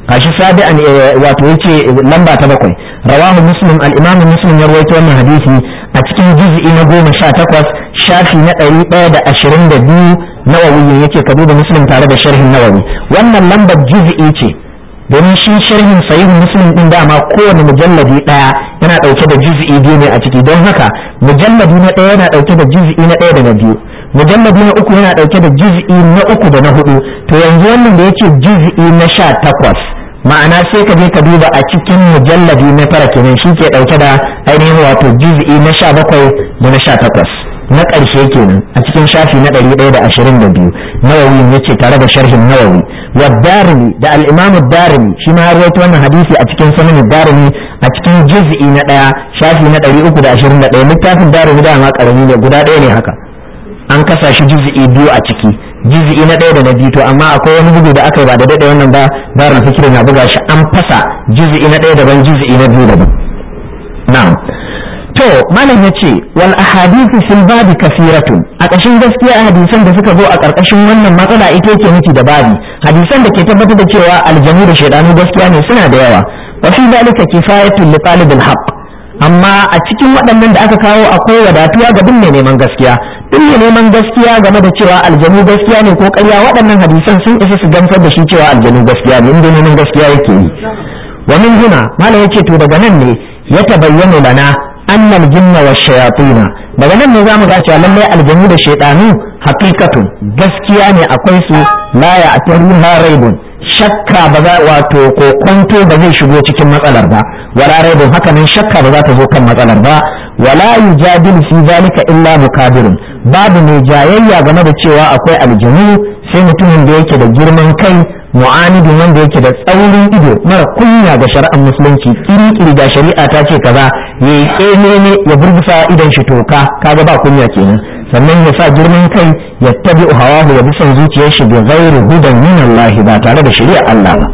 Speaker 1: kashi sabi'an eh, wato yace lamba ta bakwai rawahu muslim al-imam muslim ya rawaito wannan hadisi a cikin juz'i na goma sha takwas shafi na ɗari ɗaya da ashirin da biyu nawawi yake ka duba muslim tare da sharhin nawawi wannan lambar juz'i ce domin shi sharhin sahih muslim din dama kowane mujalladi ɗaya yana ɗauke da juz'i biyu ne a ciki don haka mujalladi na ɗaya yana ɗauke da juz'i na ɗaya da na biyu mujalladi na uku yana dauke da juz'i na uku da na hudu to yanzu wannan da yake juz'i na sha takwas ma'ana sai ka je ka duba a cikin mujalladi na fara kenan shi ke dauke da ainihin wato juz'i na sha bakwai da na sha takwas na ƙarshe kenan a cikin shafi na ɗari ɗaya da ashirin da biyu nawawi ya ce tare da sharhin nawawi wa darimi da al'imamu darimi shi ma har wannan hadisi a cikin sanin darimi a cikin juz'i na ɗaya shafi na ɗari uku da ashirin da ɗaya littafin darimi dama ƙarami ne guda ɗaya ne haka an kasa shi juz'i biyu a ciki juz'i na ɗaya da na biyu to amma akwai wani bugu da aka yi ba da daɗe wannan ba darul fikiri na buga shi an fasa juz'i na ɗaya daban juz'i na biyu daban na'am to malam ya ce wal ahadithu fil babi kasiratun a ƙashin gaskiya hadisan da suka zo a ƙarƙashin wannan matsala ita yake nufi da babi hadisan da ke tabbatar da cewa aljanu da shaidanu gaskiya ne suna da yawa wa fi dalika kifayatun li talibil haqq amma a cikin waɗannan da aka kawo akwai wadatuwa ga duk mai neman gaskiya in ne neman gaskiya game da cewa aljanu gaskiya ne ko karya waɗannan hadisan sun isa su gamsar da shi cewa aljanu gaskiya ne inda neman gaskiya yake yi wa min huna malam yace to daga nan ne ya tabayyana lana annal jinna wa shayatina daga nan ne zamu ga cewa lallai aljanu da shaytanu haqiqatun gaskiya ne akwai su la ya'taruna raibun shakka ba za wato ko kwanto ba zai shigo cikin matsalar ba wala raibun haka nan shakka ba za ta zo kan matsalar ba wala yujadilu fi zalika illa mukadirun babu mai jayayya game da cewa akwai aljanu sai mutumin da yake da girman kai mu'anidin wanda yake da tsaurin ido mara kunya ga shari'ar musulunci kirkiri da shari'a ta ce kaza yayi tsenene eh, ya burbusa idan shi toka kaga ba kunya kenan sannan ya sa girman kai yattabi hawahu ya bi zuciyar shi bi ghairi hudan min Allah ba tare da shari'a Allah ba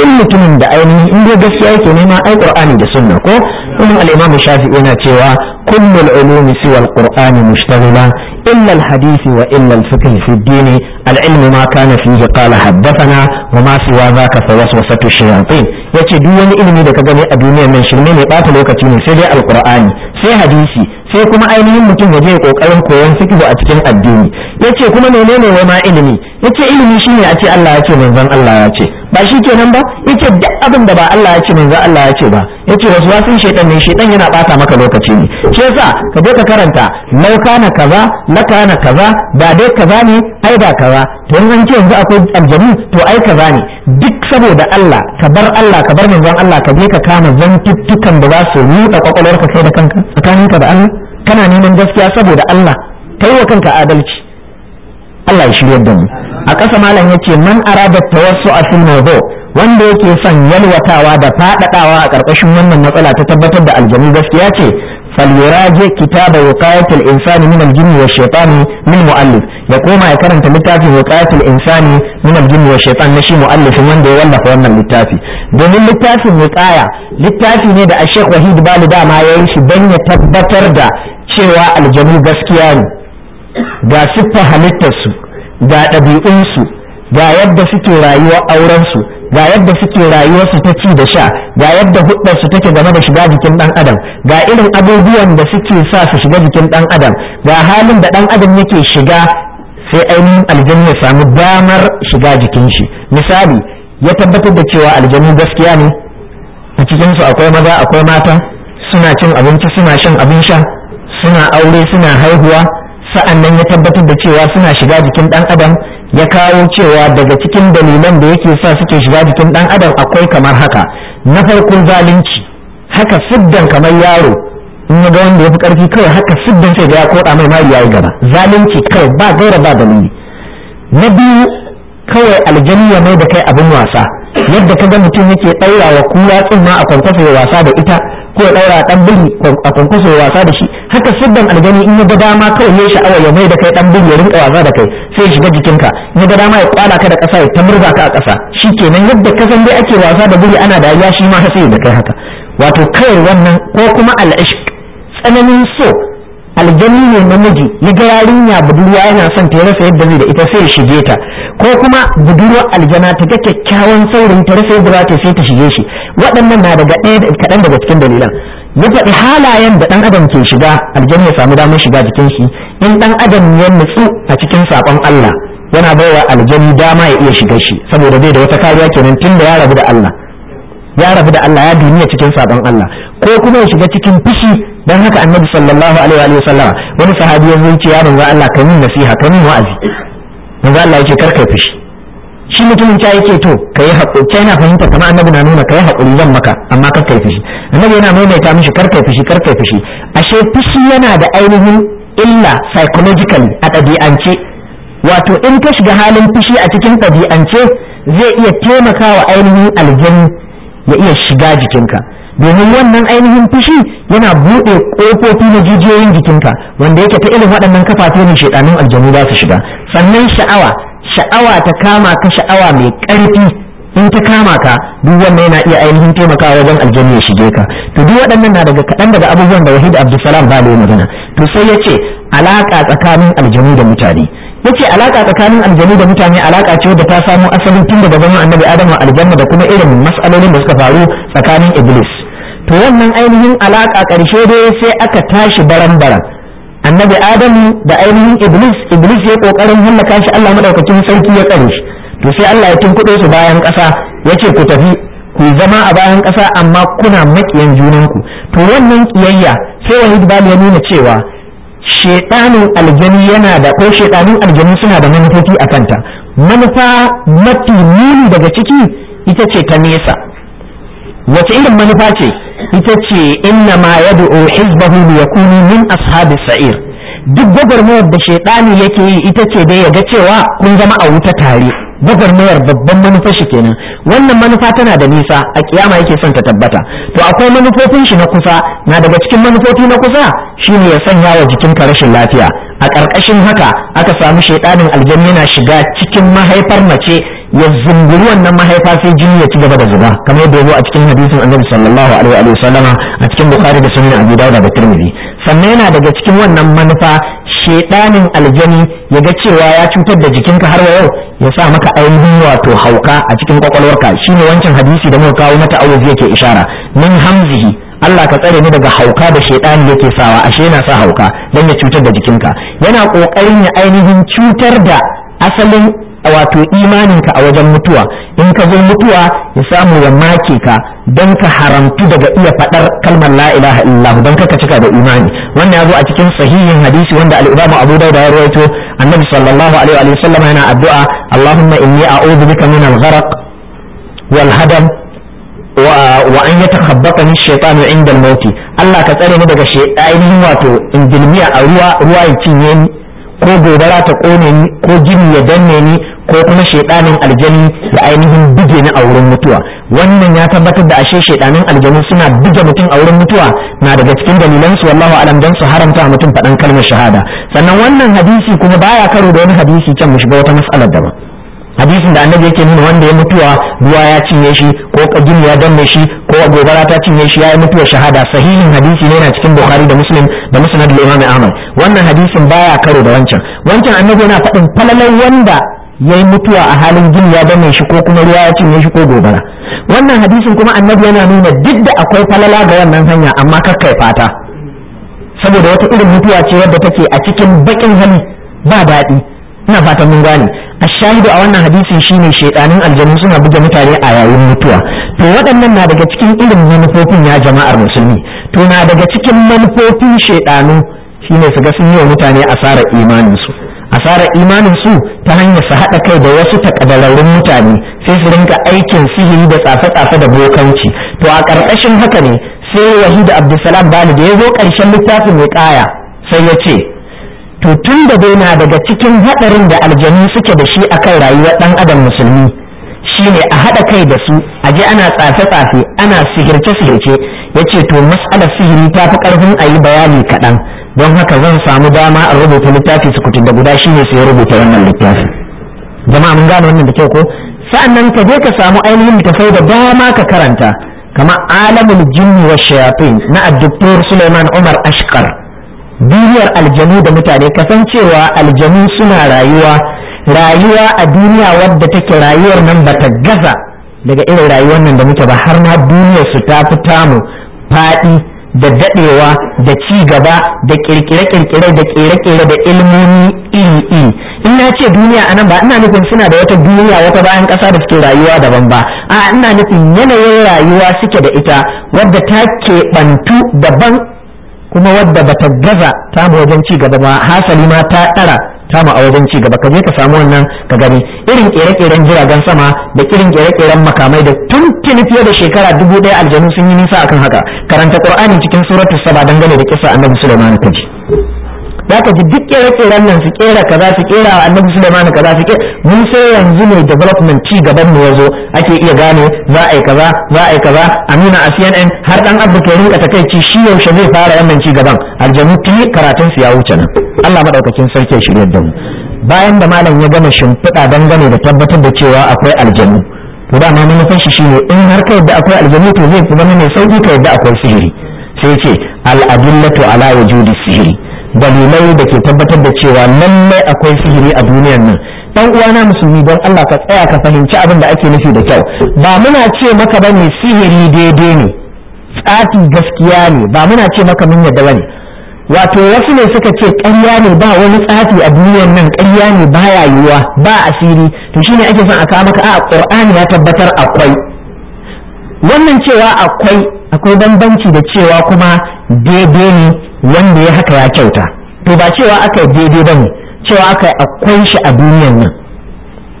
Speaker 1: in mutumin da ainihin in dai gaskiya yake nema ai Qur'ani da Sunna ko kuma al-Imam Shafi'i yana cewa kullu al-ulumi kurani al-Qur'ani mushtaghila illa al-hadith wa illa al-fiqh fi ad-din al-ilm ma kana fihi qala haddathana wa ma siwa dhaka fa waswasatu shayatin yace duk wani ilimi da ka gani a duniyar nan shirme ne bata lokaci ne sai dai al-Qur'ani sai hadisi sai kuma ainihin mutum ya je kokarin koyon fiqh a cikin addini yace kuma menene wai ma ilimi yace ilimi shine a ce Allah ya ce manzon Allah ya ce ba shi kenan ba yace duk abin da ba Allah ya ce za Allah ya ce ba yace waswasin shaytan ne shaytan yana bata maka lokaci ne shi yasa ka je ka karanta lauka kana kaza la kana kaza da dai kaza ne ai ba kaza to in ce yanzu akwai aljanu to ai kaza ne duk saboda Allah ka bar Allah ka bar manzon Allah ka je ka kama zantuttukan da za su ruɗa kwakwalwarka kai da kanka tsakaninka da Allah kana neman gaskiya saboda Allah kai wa kanka adalci Allah shirya da mu a ƙasa malam ce man arada tawassu a sun wanda yake son yalwatawa da faɗaɗawa a ƙarƙashin wannan matsala ta tabbatar da aljanu gaskiya ce falyuraje kitabar wakayatul insani min aljinni wa min muallif ya koma ya karanta littafin wakayatul insani min aljinni wa na shi muallifin wanda ya wallafa wannan littafi domin littafin wakaya littafi ne da a ashek wahid balu dama ya yi shi don ya tabbatar da cewa aljanu gaskiya ne ga siffa halittarsu ga ɗabi'unsu ga yadda suke rayuwar aurensu ga yadda suke rayuwarsu ta ci da sha ga yadda hudarsu take game da shiga jikin dan adam ga irin abubuwan da suke sa su shiga jikin dan adam ga halin da dan adam yake shiga sai ainihin aljanna ya samu damar shiga jikin shi misali ya tabbatar da cewa aljanu gaskiya ne a cikin su akwai maza akwai mata suna cin abinci suna shan abin sha suna aure suna haihuwa sa'annan ya tabbatar da cewa suna shiga jikin dan adam ya kawo cewa daga cikin dalilan da yake sa suke shiga jikin dan adam akwai kamar haka na farko zalunci haka siddan kamar yaro in ga wanda ya fi karfi kawai haka siddan sai ya koda mai mari ya yi gaba zalunci kawai ba gaira ba dalili na biyu kawai aljani ya mai da kai abin wasa yadda ka ga mutum yake ɗaura wa kura tsumma a kwankwaso wasa da ita ko ya ɗaura ɗan biri a kwankwaso wasa da shi haka siddan aljani in ya ga dama kawai ya sha'awa ya mai da kai dan bugu ya rinka waza da kai sai ya shiga jikinka in ya ga dama ya kwala ka da kasa ya ta murza ka a ƙasa shikenan yadda ka san dai ake wasa da buri ana dariya shi ma sai da kai haka wato kawai wannan ko kuma al'ishq tsananin so aljani ne namiji ya ga yarinya budurwa yana son ta rasa yadda zai da ita sai ya shige ta ko kuma budurwar aljana ta ga kyakkyawan saurin ta rasa yadda za ta sai ta shige shi waɗannan na daga ɗaya kaɗan daga cikin dalilan mun faɗi halayen da ɗan adam ke shiga aljanna ya samu damar shiga jikin shi in ɗan adam ya nutsu a cikin saƙon Allah yana baiwa aljani dama ya iya shiga shi saboda bai da wata kariya kenan tun da ya rabu da Allah ya rabu da Allah ya duniya cikin saƙon Allah ko kuma ya shiga cikin fushi dan haka annabi sallallahu alaihi wa sallama wani sahabi ya zo ya ce ya manzo Allah ka min nasiha ka min wa'azi manzo Allah yake kai fushi shi mutumin ta yake to ka yi haƙuri ta yana fahimta kama annabi na nuna ka yi haƙuri zan maka amma kar kai fushi annabi yana maimaita mishi kar kai fushi kar kai fushi ashe fushi yana da ainihin illa psychologically a ɗabi'ance wato in ka shiga halin fushi a cikin ɗabi'ance zai iya taimakawa ainihin aljanu ya iya shiga jikinka domin wannan ainihin fushi yana buɗe ƙofofi na jijiyoyin jikinka wanda yake ta irin waɗannan kafafe ne shaɗanin aljanu za su shiga sannan sha'awa sha'awa ta kama ka sha'awa mai ƙarfi in ta kama ka duk wannan yana iya ainihin taimakawa wajen aljanna ya shige ka to duk waɗannan na daga kaɗan daga abubuwan da wahid abdulsalam ba da magana to sai ya ce alaƙa tsakanin aljanu da mutane ya ce alaƙa tsakanin aljanu da mutane alaƙa ce da ta samo asalin tun daga zaman annabi adamu aljanna da kuma irin matsalolin da suka faru tsakanin iblis to wannan ainihin alaƙa ƙarshe dai sai aka tashi baran baran annabi adamu da ainihin iblis iblis ya kokarin hallaka shi Allah madaukakin sarki ya tsare shi to sai Allah ya tunkuɗe su bayan ƙasa ya ce ku tafi ku zama a bayan ƙasa amma kuna maƙiyan junanku to wannan ƙiyayya sai wahid bali ya nuna cewa shedanin aljani yana da ko shedanin aljani suna da manufofi a kanta manufa mafi muni daga ciki ita ce ta nesa wace irin manufa ce ita ce inna ma yad'u hizbahu kuni min ashabi sa'ir duk gwagwarmayar da shaidani yake yi ita ce dai ya ga cewa kun zama a wuta tare gwagwarmayar babban manufa shi kenan wannan manufa tana da nisa a kiyama yake son ta tabbata to akwai manufofin shi na kusa na daga cikin manufofi na kusa shine ya sanya wa jikinka rashin lafiya a ƙarƙashin haka aka samu shaidanin aljanna yana shiga cikin mahaifar mace ya zumburi wannan mahaifa sai jini ya ci gaba da zuba kamar yadda zo a cikin hadisin annabi sallallahu alaihi wa sallama a cikin bukhari da sunan abu dawud da tirmidhi sannan yana daga cikin wannan manufa shedanin aljani ya ga cewa ya cutar da jikinka har wa yau ya sa maka ainihin wato hauka a cikin kwakwalwarka shine wancan hadisi da muka kawo mata awuzi yake ishara min hamzihi Allah ka tsare ni daga hauka da shaidani yake sawa ashe yana sa hauka dan ya cutar da jikinka yana kokarin ya ainihin cutar da asalin wato imaninka a wajen mutuwa in ka zo mutuwa ya samu ya make ka don ka haramtu daga iya faɗar kalmar la ilaha illallah don ka cika da imani wannan ya zo a cikin sahihin hadisi wanda al-imamu abu dauda ya rawaito annabi sallallahu alaihi wa sallam yana addu'a allahumma inni a'udhu bika min al-gharq wal hadam wa an yatakhabbata ni shaytanu inda al-maut Allah ka tsare ni daga ainihin wato indilmiya a ruwa ruwa ya cinye ni ko gobara ta kone ni ko jini ya danne ni ko kuma shaidanin aljani da ainihin buge ni a wurin mutuwa wannan ya tabbatar da ashe shaidanin aljanu suna buge mutum a wurin mutuwa na daga cikin dalilan su wallahu alam dan su haramta mutum faɗan kalmar shahada sannan wannan hadisi kuma baya karo da wani hadisi can mu shiga wata mas'alar daban hadisin da annabi yake nuna wanda ya mutuwa ruwa ya cinye shi ko kagin ya danne shi ko gobara ta cinye shi ya yi mutuwa shahada sahihin hadisi ne yana cikin bukhari da muslim da musnad al-imam ahmad wannan hadisin baya karo da wancan wancan annabi yana faɗin falalar wanda ya yi mutuwa a halin gini ya danne shi ko kuma ruwa ya cinye shi ko gobara wannan hadisin kuma annabi yana nuna duk da akwai falala ga wannan hanya amma kakkai fata saboda wata irin mutuwa ce wadda take a cikin bakin hali ba daɗi ina fatan mun gane ashahidu a wannan hadisin shine shaiɗanun aljanu suna buga mutane a yayin mutuwa to waɗannan na daga cikin irin manufofin ya jama'ar musulmi to na daga cikin manufofin shaiɗanu shine su ga sun yi wa mutane asarar imanin su asarar imanin su ta hanyar su haɗa kai da wasu takadararrun mutane sai su rinka aikin sihiri da tsafe-tsafe da bokanci to a ƙarƙashin haka ne sai wahid abdulsalam bani da ya zo ƙarshen littafin mai ƙaya sai ya ce to tun da dai na daga cikin haɗarin da aljanu suke da shi akan rayuwar ɗan adam musulmi shine a haɗa kai da su a je ana tsafe-tsafe ana sihirce-sihirce ya ce to mas'alar sihiri ta fi ƙarfin a yi bayani kaɗan don haka zan samu dama a rubuta littafi su kutu da guda shine sai rubuta wannan littafi jama'a mun gane wannan da kyau ko sa'annan ka je ka samu ainihin littafai da dama ka karanta kama alamul jinni wa shayatin na addoktor suleiman umar ashkar duniyar aljanu da mutane kasancewa aljanu suna rayuwa rayuwa a duniya wadda take rayuwar nan ba ta gaza daga irin rayuwar nan da muke ba har ma duniyar su ta fi tamu faɗi da daɗewa da ci gaba da kirkire-kirkire da kere-kere da ilmomi iri-iri in na ce duniya anan ba ina nufin suna da wata duniya wata bayan ƙasa da suke rayuwa daban ba a ina nufin yanayin rayuwa suke da ita wadda ta ke keɓantu daban kuma wadda bata gaza ta mu wajen ci gaba ba hasali ma ta ɗara ta mu a wajen ci gaba ka je ka samu wannan ka gani irin kere-keren jiragen sama da irin kere-keren makamai da tun tuni fiye da shekara dubu ɗaya aljanu sun yi nisa akan haka karanta qur'ani cikin suratu saba dangane da kisa annabi sulaiman kaji zaka ji duk kere-keren nan su kera kaza su kera wa annabi Sulaiman kaza su kera mun sai yanzu ne development ci gaban mu yazo ake iya gane za a yi kaza za a yi kaza Amina a CNN har dan abu ke rinka takeici shi yaushe zai fara wannan ci gaban aljanu ti karatun su ya wuce nan Allah madaukakin sarki ya shirye da bayan da malam ya gama shimfiɗa dangane da tabbatar da cewa akwai aljanu to dama manufan shi shine in har ka yadda akwai aljanu to zai fi zama mai sauki ka yadda akwai sihiri sai ce al-adillatu ala wujudi sihiri dalilai da ke tabbatar da cewa lallai akwai sihiri a duniyar nan dan uwana musulmi don Allah ka tsaya ka fahimci abin da ake nufi da kyau ba muna ce maka bane sihiri daidai ne tsafi gaskiya ne ba muna ce maka mun yadda bane wato wasu ne suka ce ƙarya ne ba wani tsafi a duniyar nan ƙarya ne ba baya yiwuwa ba asiri to shine ake son a kawo maka a Qur'ani ya tabbatar akwai wannan cewa akwai akwai bambanci da cewa kuma daidai ne wanda ya haka ya kyauta to ba cewa aka daidai ba ne cewa aka akwai shi a duniyan nan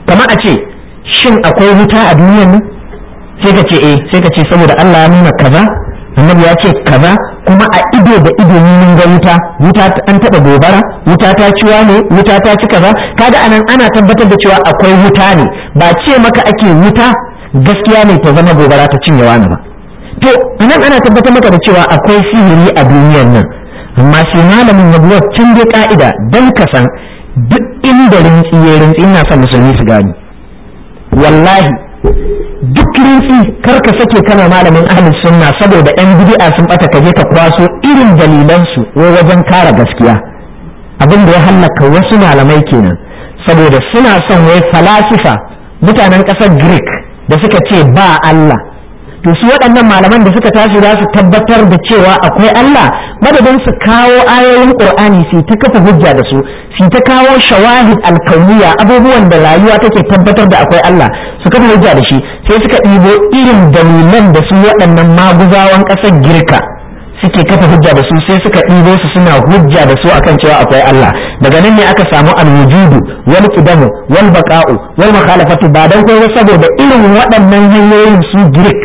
Speaker 1: kamar a ce shin akwai wuta a duniyan nan sai ka ce eh sai ka ce saboda Allah ya nuna kaza annabi ya ce kaza kuma a ido da ido mun ga wuta wuta an taba gobara wuta ta ci wane wuta ta ci kaza kaga anan ana tabbatar da cewa akwai wuta ne ba ce maka ake wuta gaskiya ne ta zama gobara ta cinye wani ba to anan ana tabbatar maka da cewa akwai sihiri a duniyar nan amma shi malamin ya buwa tun dai ka'ida don ka san duk inda rintsi ya rintsi ina son musulmi su gani wallahi duk rintsi kar ka sake kana malamin ahalin sunna saboda yan bid'a sun bata ka je ka kwaso irin dalilansu wai wajen kara gaskiya abin da ya hallaka wasu malamai kenan saboda suna son wai falasifa mutanen ƙasar greek da suka ce ba allah to su waɗannan malaman da suka tashi za su tabbatar da cewa akwai Allah madadin su kawo ayoyin Qur'ani su ta kafa hujja da su su ta kawo shawahid alkauniya abubuwan da rayuwa take tabbatar da akwai Allah su kafa hujja da shi sai suka ɗibo irin dalilan da su waɗannan maguzawan ƙasar Girka suke kafa hujja da su sai suka ɗibo su suna hujja da su akan cewa akwai Allah daga nan ne aka samu al alwujudu wal qidamu wal baqa'u wal mukhalafatu ba dan kowa saboda irin waɗannan hanyoyin su Greek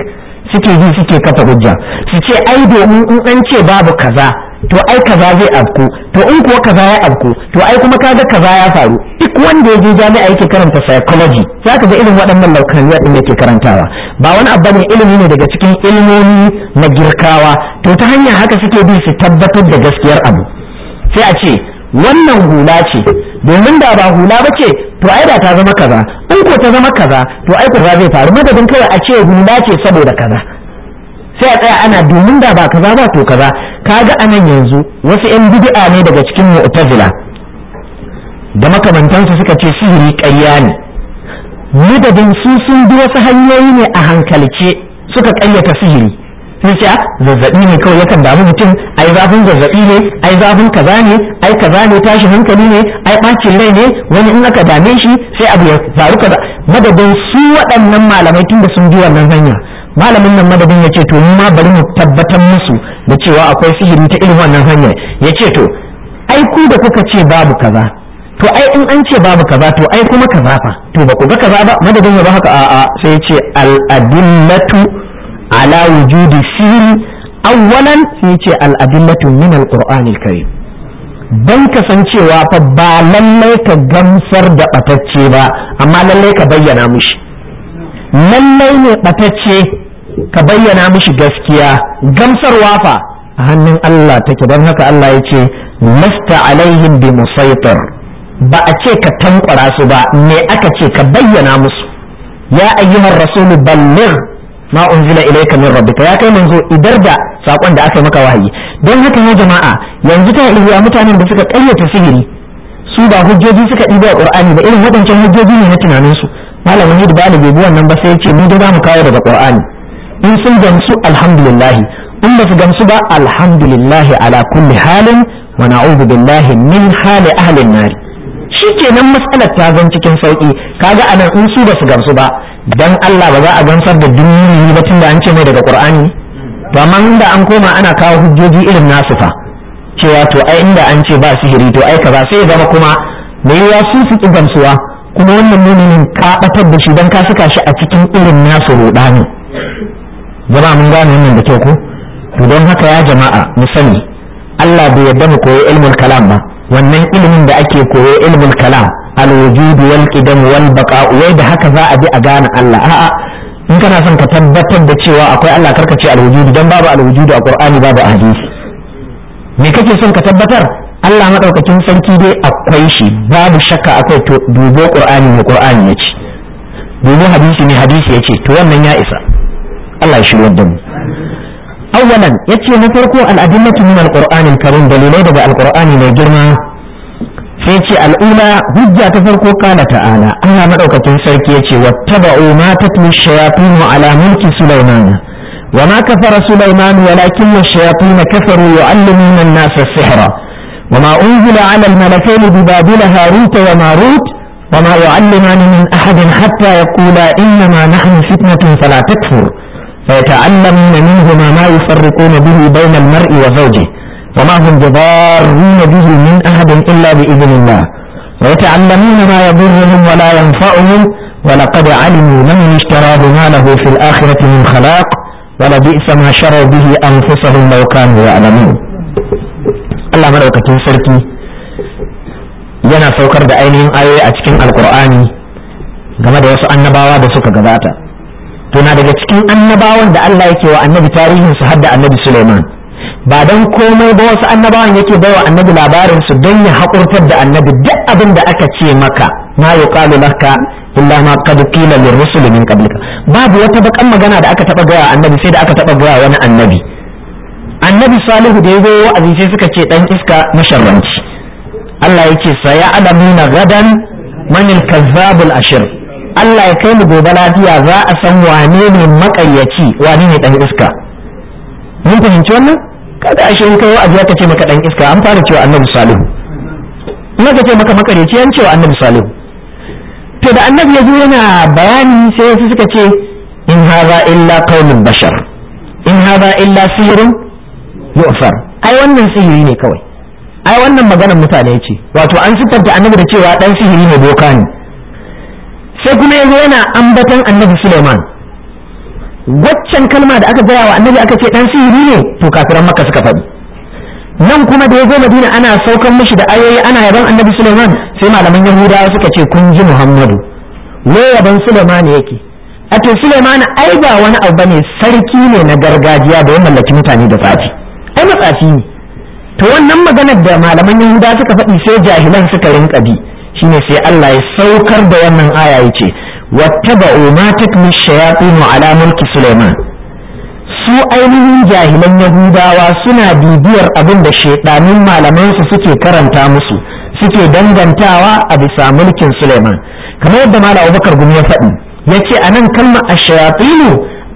Speaker 1: suke yi suke kafa hujja su ce ai domin in an ce babu kaza to ai kaza zai afku to in kuwa kaza ya afku to ai kuma kaga kaza ya faru duk wanda ya je jami'a yake karanta psychology zaka ga irin waɗannan laukan yadda yake karantawa ba wani abu ne ilimi ne daga cikin ilmomi na girkawa to ta hanyar haka suke bi su tabbatar da gaskiyar abu sai a ce wannan hula ce domin da ba hula ba ce to ai da ta zama kaza in ko ta zama kaza to ai kaza zai faru madadin kawai a ce hula ce saboda kaza sai a tsaya ana domin da ba kaza ba to kaza kaga anan yanzu wasu yan bid'a ne daga cikin mu'tazila da makamantansu suka ce sihiri ƙarya ne madadin su sun bi wasu hanyoyi ne a hankalce suka ƙayyata sihiri sun ce ah, zazzabi ne kawai yakan damu mutum ai zafin zazzabi ne ai zafin kaza ne ai kaza ne tashi hankali ne ai bacin rai ne wani in aka dame shi sai abu ya faru kaza madadin su waɗannan malamai tun da sun bi wannan hanya malamin nan madadin ya ce to mu ma bari mu tabbatar musu da cewa akwai sihiri ta irin wannan hanya ya ce to ai ku da kuka ce babu kaza to ai in an ce babu kaza to ai kuma kaza fa to ba ku ga kaza ba madadin ya ba haka a'a sai ce al-adillatu ala wujudi fi'li awwalan sai ce al-adillatu min al-qur'an al-karim dan kasancewa fa ba lallai ka gamsar da batacce ba amma lallai ka bayyana mishi lallai ne batacce ka bayyana mishi gaskiya gamsarwa fa a hannun Allah take dan haka Allah ya ce lasta alaihim bi musaytar ba a ce ka tankwara su ba me aka ce ka bayyana musu ya ayyuhar rasulu ballir ma unzila ilayka min rabbika ya kai manzo idar da sakon da aka maka wahayi don haka ya jama'a yanzu ta iya mutanen da suka kayyata sihiri su ba hujjoji suka ɗiba a qur'ani ba irin waɗancan hujjoji ne na tunanin su malam wani da bala bai wannan ba sai ya ce mu da mu kawo daga qur'ani in sun gamsu alhamdulillah in ba su gamsu ba alhamdulillah ala kulli halin wa na'udhu billahi min hali ahli an-nar shi kenan matsalar ta zan cikin sauki kaga anan in su ba su gamsu ba dan Allah ba za a gamsar da duniya ba tunda an ce mai daga Qur'ani to amma inda an koma ana kawo hujjoji irin nasu fa cewa to ai inda an ce ba sihiri to ai kaza sai ya zama kuma me ya su su gamsuwa kuma wannan muminin ka batar da shi dan ka saka shi a cikin irin nasu rudani jama'a mun gane wannan da kyau ko to don haka ya jama'a mu sani Allah bai yarda mu koyi ilmul kalam ba wannan ilimin da ake koyo ilimin kalam al wal qidam wal baqa wai da haka za a bi a gane Allah a'a in kana son ka tabbatar da cewa akwai Allah karka ce al-wujud dan babu al a Qur'ani babu a hadisi me kake son ka tabbatar Allah madaukakin sarki dai akwai shi babu shakka akwai to dubo Qur'ani ne Qur'ani ce, dubo hadisi ne hadisi ce to wannan ya isa Allah ya shirya da mu awwalan yace na farko al'adillatu min al-qur'an al-karim dalilai daga al-qur'ani mai girma sai ce al'umma hujja ta farko kana ta'ala Allah maɗaukacin sarki yace wattaba'u ma tatlu shayatin ala mulki sulaiman wa ma kafara sulaiman walakin ash-shayatin kafaru yu'allimuna an-nasa as-sihra wa ma unzila 'ala al-malakayn bi babila harut wa marut وما يعلمان من أحد حتى يقولا إنما نحن فتنة فلا تكفر فيتعلمون منهما ما يفرقون به بين المرء وزوجه وما هم بضارين به من أحد إلا بإذن الله ويتعلمون ما يضرهم ولا ينفعهم ولقد علموا من اشتراه ما له في الآخرة من خلاق ولبئس ما شروا به أنفسهم لو كانوا يعلمون الله ملوكة سركي ينا سوكر da ainihin ayoyi a cikin alkur'ani game da wasu annabawa to na daga cikin annabawan da Allah yake wa annabi tarihin su hadda annabi Suleiman ba dan komai ba wasu annabawan yake baiwa annabi labarin su don ya hakurtar da annabi duk abin da aka ce maka ma yuqalu laka illa ma qad qila lirrusul min qablika babu wata bakan magana da aka taba gaya annabi sai da aka taba gaya wani annabi annabi salihu da ya zo wa'azi sai suka ce dan iska masharranci Allah yake saya alamuna gadan manil kazzabul ashir Allah ya kai mu gobe lafiya za a san wane ne makaryaci wane ne dan iska mun fahimci wannan kada ashe in kai wa'azi ka ce maka dan iska an fara cewa annabi salihu in ka ce maka makaryaci an cewa annabi salihu to da annabi ya zo yana bayani sai wasu suka ce in hadha illa qaulul bashar in hadha illa sihrun yu'far ai wannan sihiri ne kawai ai wannan maganar mutane ce wato an siffanta annabi da cewa dan sihiri ne boka ne sai kuma yanzu yana ambatan annabi Sulaiman waccan kalma da aka gaya wa annabi aka ce dan sihiri ne to kafiran makka suka faɗi nan kuma da ya zo madina ana saukan mishi da ayoyi ana yaban annabi suleiman sai malaman yahudawa suka ce kun ji muhammadu me yaban suleiman yake a to suleiman ai ba wani abu bane sarki ne na gargajiya da ya mallaki mutane da tsafi ai matsafi ne to wannan maganar da malaman yahudawa suka faɗi sai jahilan suka rinka bi shine sai Allah ya saukar da wannan aya yace wattaba'u ma takmi shayatin ala mulki Sulaiman su ainihin jahilan Yahudawa suna bibiyar abin da shaiɗanin malaman su suke karanta musu suke dangantawa a bisa mulkin Sulaiman kamar yadda Malam Abubakar Gumi ya faɗi ya yace anan kalma ash-shayatinu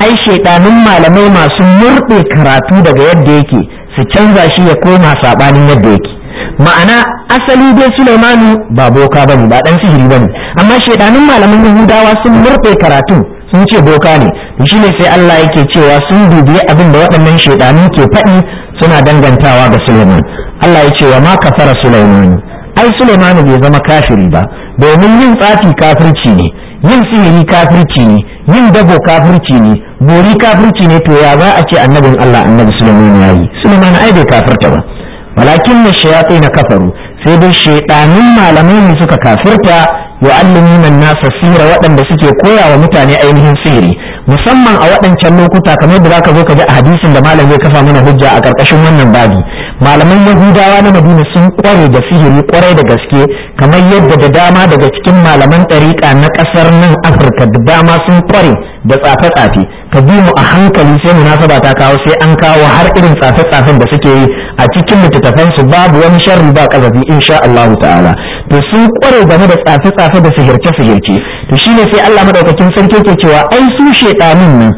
Speaker 1: ai shaiɗanin malamai masu murɗe karatu daga yadda yake su canza shi ya koma saɓanin yadda yake ma'ana asali dai Sulaimanu ba boka bane ba dan sihiri bane amma shedanin malaman Yahudawa sun murfe karatu sun ce boka ne shi ne sai Allah yake cewa sun dubi abin da waɗannan shedanu ke faɗi suna dangantawa ga Sulaiman Allah ya cewa wa ma kafara Sulaiman ai Sulaiman bai zama kafiri ba domin yin tsafi kafirci ne yin sihiri kafirci ne yin dabo kafirci ne bori kafirci ne to ya za a ce annabin Allah annabi Sulaiman yayi Sulaiman ai bai kafirta ba walakin na shayatai na kafaru sai dai shaidanin malamai ne suka kafirta yu'allimuna nasa sihira waɗanda suke koya wa mutane ainihin sihiri musamman a waɗancan lokuta kamar da zaka zo ka ji a hadisin da malam zai kafa mana hujja a ƙarƙashin wannan babi malaman yahudawa na madina sun kware da sihiri kwarai da gaske kamar yadda da dama daga cikin malaman ɗariƙa na ƙasar nan afirka da dama sun kware da tsafe-tsafe ka bi mu a hankali sai mu munasaba ta kawo sai an kawo har irin tsafe-tsafen da suke yi a cikin littattafan su babu wani sharri ba kazafi insha Allah ta'ala to sun kware game da tsafe-tsafe da sihirce-sihirce to shine sai Allah madaukakin sarki ke cewa ai su shedanin nan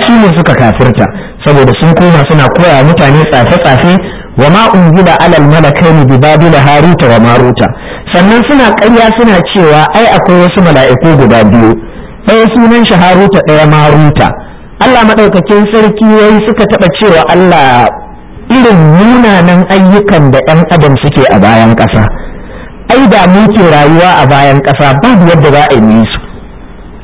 Speaker 1: su ne suka kafirta saboda sun koma suna koya mutane tsafe-tsafe wa ma unzila alal malakaini bi babila haruta wa maruta sannan suna ƙarya suna cewa ai akwai wasu mala'iku guda biyu ɗaya sunan shi haruta ɗaya maruta Allah madaukakin sarki yayi suka taɓa cewa Allah irin munanan ayyukan da ɗan adam suke a bayan ƙasa ai da muke rayuwa a bayan ƙasa babu yadda za a yi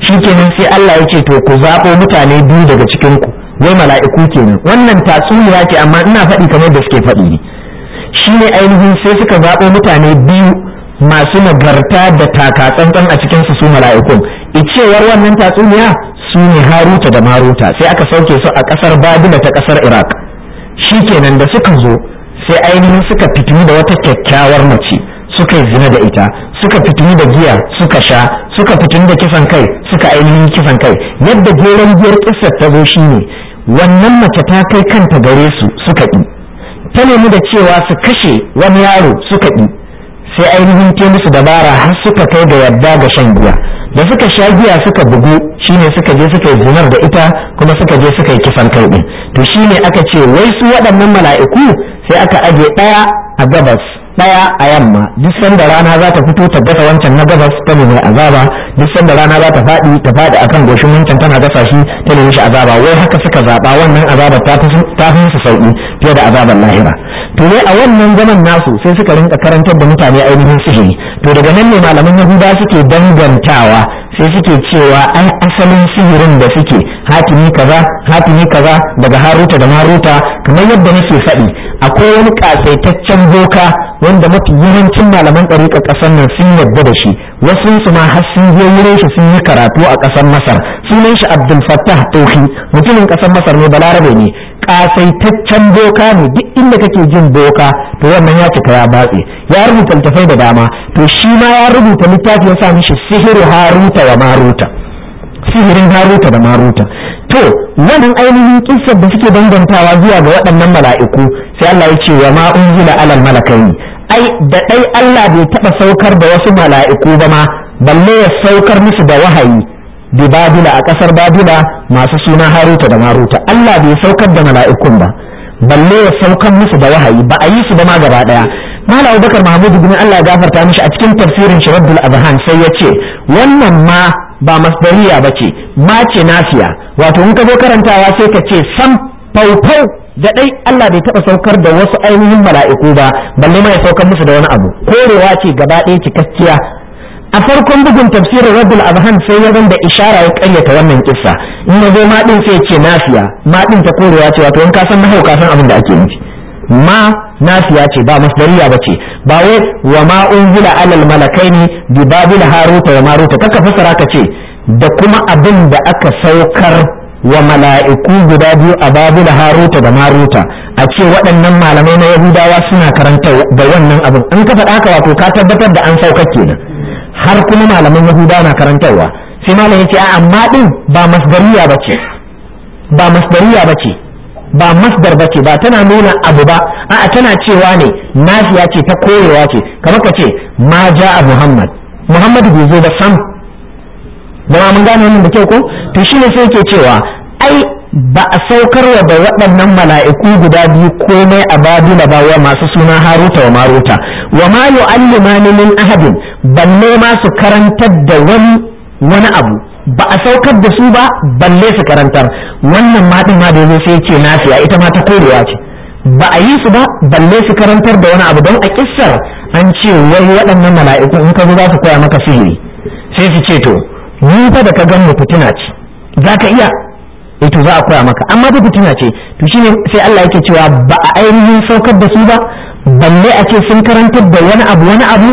Speaker 1: su kenan sai Allah ya ce to ku zaɓo mutane biyu daga cikin ku wai mala'iku kenan wannan tatsuniya ce amma ina faɗi kamar da suke faɗi ne shi ne ainihin sai suka zaɓo mutane biyu masu nagarta da taka-tsantsan a cikinsu su mala'ikun icewar wannan tatsuniya su ne haruta da maruta sai aka sauke su a ƙasar babila ta ƙasar iraq shi kenan da suka zo sai ainihin suka fitini da wata kyakkyawar mace suka zina da ita suka fitini da giya suka sha suka fitini da kisan kai suka ainihin kisan kai yadda goron biyar kisar ta zo shine wannan mace ta kai kanta gare su suka ɗi ta nemi da cewa su kashe wani yaro suka ɗi sai ainihin ke musu dabara har suka kai da yadda ga shan giya da suka sha giya suka bugu shine suka je suka zinar da ita kuma suka je suka yi kisan kai ɗin to shine aka ce wai su waɗannan mala'iku sai aka ajiye ɗaya a gabas Ɗaya a yamma duk sanda rana za ta fito ta gasa wancan na gabas ta nemi azaba duk sanda rana za ta faɗi ta faɗi akan goshin wancan tana gasa shi ta nemi shi azaba wai haka suka zaɓa wannan azabar ta fi su sauƙi fiye da azabar lahira to ne a wannan zaman nasu sai suka rinka karantar da mutane ainihin sihiri to daga nan ne malaman yahuda suke dangantawa sai suke cewa an asalin sihirin da suke hatimi kaza hatimi kaza daga haruta da maruta kamar yadda nake faɗi akwai wani kasaitaccen boka wanda mafi yawancin malaman ɗariƙa ƙasar nan sun yarda da shi wasu su ma har sun je wurin shi sun yi karatu a ƙasar masar sunan shi abdul fattah tauhi mutumin ƙasar masar ne balarabe ne kasaitaccen boka ne duk inda kake jin boka to wannan ya cika ya batse ya rubuta littafai da dama to shi ma ya rubuta littafi ya sa mishi sihiru haruta wa maruta sihirin haruta da maruta to wannan ainihin kissar da suke dangantawa zuwa ga waɗannan mala'iku sai Allah ya ce wa ma unzila alal malakai ai da dai Allah bai taba saukar da wasu mala'iku ba ma balle ya saukar musu da wahayi bi babila a kasar babila masu suna haruta da maruta Allah bai saukar da mala'ikun ba balle ya saukar musu da wahayi ba a yi su ba ma gaba daya Malam Abubakar Mahmud bin Allah ya gafarta mishi a cikin tafsirin Shiraddul azhan sai ya ce wannan ma ba masdariya ba ce ma ce nafiya wato in ka zo karantawa sai ka ce san faufau da dai Allah bai taba saukar da wasu ainihin mala'iku ba balle ma ya saukar musu da wani abu korewa ce gaba ɗaya cikakkiya a farkon bugun tafsirin rabbul abhan sai ya da ishara ya karyata wannan kissa in ya zo ma din sai ce nafiya ma din ta korewa ce wato in ka san mahau san abin da ake nufi ma nafiya ce ba masdariya ba ce ba wai wa ma unzila alal malakaini bi babil haruta wa maruta kaka fasara ka ce da kuma abin da aka saukar wa mala'iku guda biyu a babil haruta da maruta a ce waɗannan malamai na yahudawa suna karanta da wannan abin in ka faɗa haka wato ka tabbatar da an saukar kenan har kuma malaman yahudawa na karantarwa sai malam ya ce a'a amma din ba masdariya ba ce ba masdariya ba ce ba masdar ba ce ba tana nuna abu ba a'a tana cewa ne nafiya ce ta koyewa ce kamar ka ce ma ja a muhammad muhammadu bai zo ba sam ba mun gane wannan da kyau ko to shi ne sai ke cewa ai ba a wa da waɗannan mala'iku guda biyu komai a babila ba wa masu suna haruta wa maruta wa ma yu'allimani min ahadin balle ma su karantar da wani wani abu ba a saukar da su ba balle su karantar wannan ma ma da yazo sai ce nafiya ita ma ta korewa ce ba a yi su ba balle su karantar da wani abu don a kissar an ce wai waɗannan mala'iku in ka zo za su koya maka sihiri sai su ce to ni fa da ka gan mu fitina ce za ka iya E, to za a koya maka amma fa fitina ce to shine sai Allah yake cewa ba a ainihin saukar da su ba balle a ce sun karantar da wani abu wani abu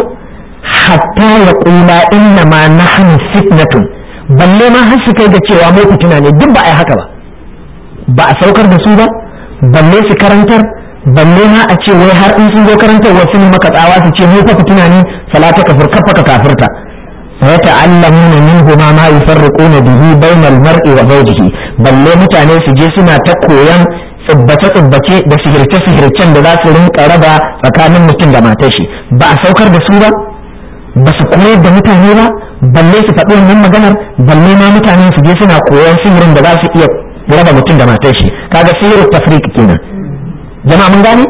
Speaker 1: hatta ya qula inna ma nahnu fitnatun balle ma har su kai ga cewa mai fitina ne duk ba a yi haka ba ba a saukar da su ba balle su karantar balle ma a ce wai har in sun zo karantar wasu ne maka tsawa su ce mai fa fitina ne salata kafir kafa ka kafirta ma منهما bihi bayna al-mar'i wa zawjihi balle mutane su je suna ta koyan tsubbace-tsubbace da sihirce-sihircen da za su rinka raba tsakanin mutum da matar shi ba a saukar da su ba ba su koyar da mutane ba balle su faɗi wannan maganar balle ma mutane su je suna koyon sihirin da za su iya raba mutum da matar shi kaga sihirin tafrik kenan jama'a mun gane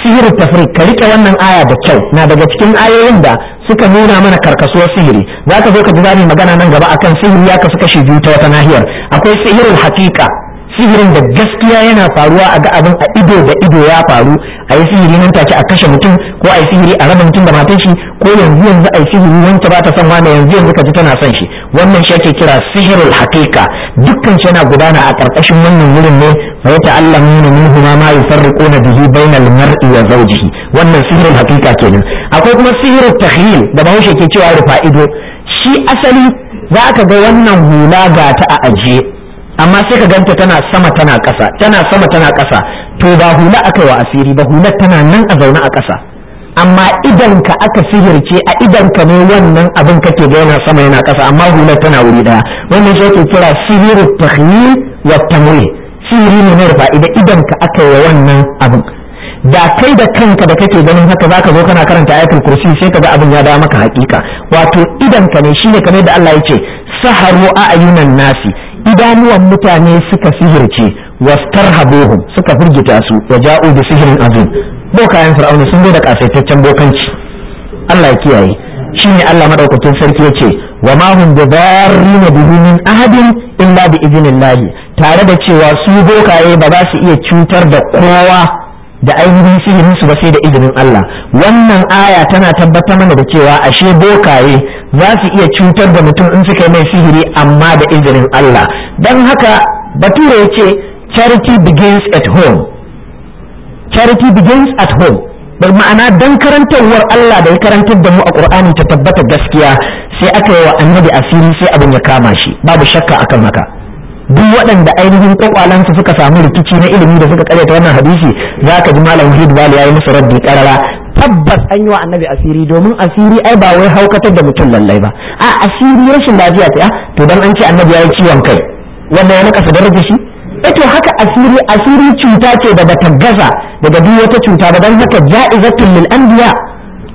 Speaker 1: sihirin tafrik ka rike wannan aya da kyau na daga cikin ayoyin da suka nuna mana karkasuwar sihiri za ka zo ka ji magana nan gaba akan sihiri ya kasu kashi biyu ta wata nahiyar akwai sihirin hakika sihirin da gaskiya yana faruwa a ga abin a ido da ido ya faru a yi sihiri nan take a kashe mutum ko a yi sihiri a raba mutum da matan shi ko yanzu yanzu a yi sihiri wanda ba ta son wani yanzu yanzu ka ji tana son shi wannan shi ake kira sihirul hakika dukkan shi yana gudana a karkashin wannan wurin ne fa yata'allamuna minhu ma ma na bihi bainal mar'i wa zawjihi wannan sihirul haqiqa kenan akwai kuma sihirul takhyil da bahaushe ke cewa rufa ido shi asali za ka ga wannan hula ga ta a ajiye amma sai ka ganta tana sama tana ƙasa tana sama tana ƙasa to ba hula aka wa asiri ba hula tana nan a zaune a ƙasa amma idan ka aka sihirce a idan ka ne wannan abin kake ga yana sama yana ƙasa amma hula tana wuri daya wannan shi ke kira sihirin tahmir wa tamwih sihiri ne na rufa idan idan ka aka wa wannan abin da kai da kanka da kake ganin haka zaka zo kana karanta ayatul kursi sai kaga abin ya dawo maka hakika wato idan ka ne shine kamar da Allah ya ce saharu a ayyunan nasi idanuwan mutane suka sihirce wastarhabuhum suka firgita su wa ja'u sihirin sihrin azim bokayen fir'auna sun zo da kasaitaccen bokanci Allah ya kiyaye ne Allah maɗaukacin sarki ce wa ma hum bidarrin bihi min ahadin illa bi lahi. tare da cewa su bokaye ba za su iya cutar da kowa da ainihin sihirin ba sai da izinin Allah wannan aya tana tabbatar mana da cewa ashe bokaye za su iya cutar da mutum in suka yi mai sihiri amma da izinin Allah don haka bature ya ce charity begins at home charity begins at home da ma'ana don karantarwar Allah da ya karantar da mu a Ƙur'ani ta tabbata gaskiya sai aka yi wa annabi asiri sai abin ya kama shi babu shakka akan haka duk waɗanda ainihin kwakwalansu suka samu rikici na ilimi da suka karyata wannan hadisi za ka ji malam Wahid ya yi musu raddi karara tabbas an yi wa annabi asiri domin asiri ai ba wai haukatar da mutum lallai ba a asiri rashin lafiya ta to dan an ce annabi yi ciwon kai wanda ya nakasa daraja shi eh to haka asiri asiri cuta ce da bata gaza daga duk wata cuta ba dan haka ja'izatul lil anbiya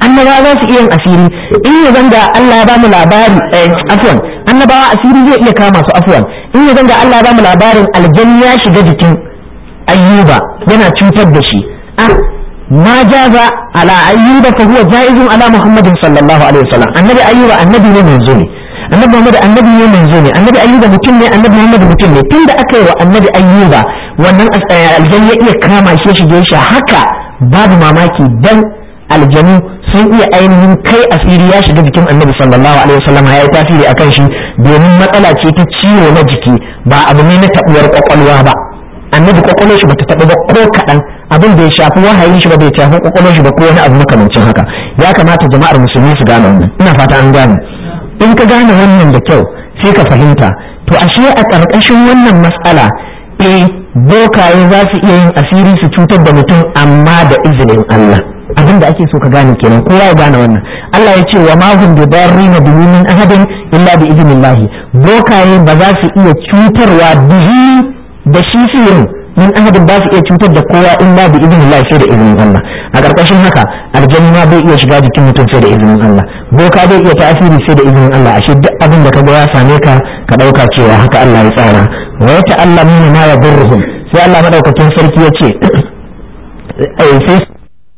Speaker 1: annabawa za su iya yin asiri in ya zanga Allah ya ba mu labari eh, afwan asiri zai iya kama su afwan in ya zanga Allah ya ba mu labarin aljanna ya shiga jikin ayyuba yana cutar da shi ah, ma jaza ala ayyuba fa huwa jaizun ala muhammadin sallallahu alaihi wasallam annabi ayyuba annabi ne manzo ne annabi muhammad annabi ne manzo ne annabi ayyuba mutum ne annabi muhammad mutum ne tunda aka yi wa annabi ayyuba wannan aljan ya iya kama shi shige shi haka babu mamaki dan aljanu sun iya ainihin kai asiri ya shiga jikin annabi sallallahu alaihi wasallam ya yi tasiri akan shi domin matsala ce ta ciwo na jiki ba abu ne na tabuwar kwakwalwa ba annabi kwakwalwar shi bata tabu ba ko kaɗan abin da ya shafi wahayin shi ba bai shafi kokolon shi ba ko wani abu makamancin haka ya kamata jama'ar musulmi su gane wannan ina fata an gane in ka gane wannan da kyau sai ka fahimta to ashe a ƙarƙashin wannan matsala eh bokaye za su iya yin asiri su cutar da mutum amma da izinin Allah abin da ake so ka gane kenan kowa ya gane wannan Allah ya ce wa ma hum bi darrina bi min ahadin illa bi idnillah bokaye ba za su iya cutarwa bihi da shi ne? min ahadin ba su iya cutar da kowa in ba da izinin Allah sai da izinin Allah a karkashin haka aljanna ma bai iya shiga jikin mutum sai da izinin Allah boka bai iya ta'asiri sai da izinin Allah ashe duk abin da ka ga ya same ka ka ɗauka cewa haka Allah ya tsara wa allah ta'allamuna ma yadurruhum sai Allah madaukakin sarki ya ce [COUGHS] sai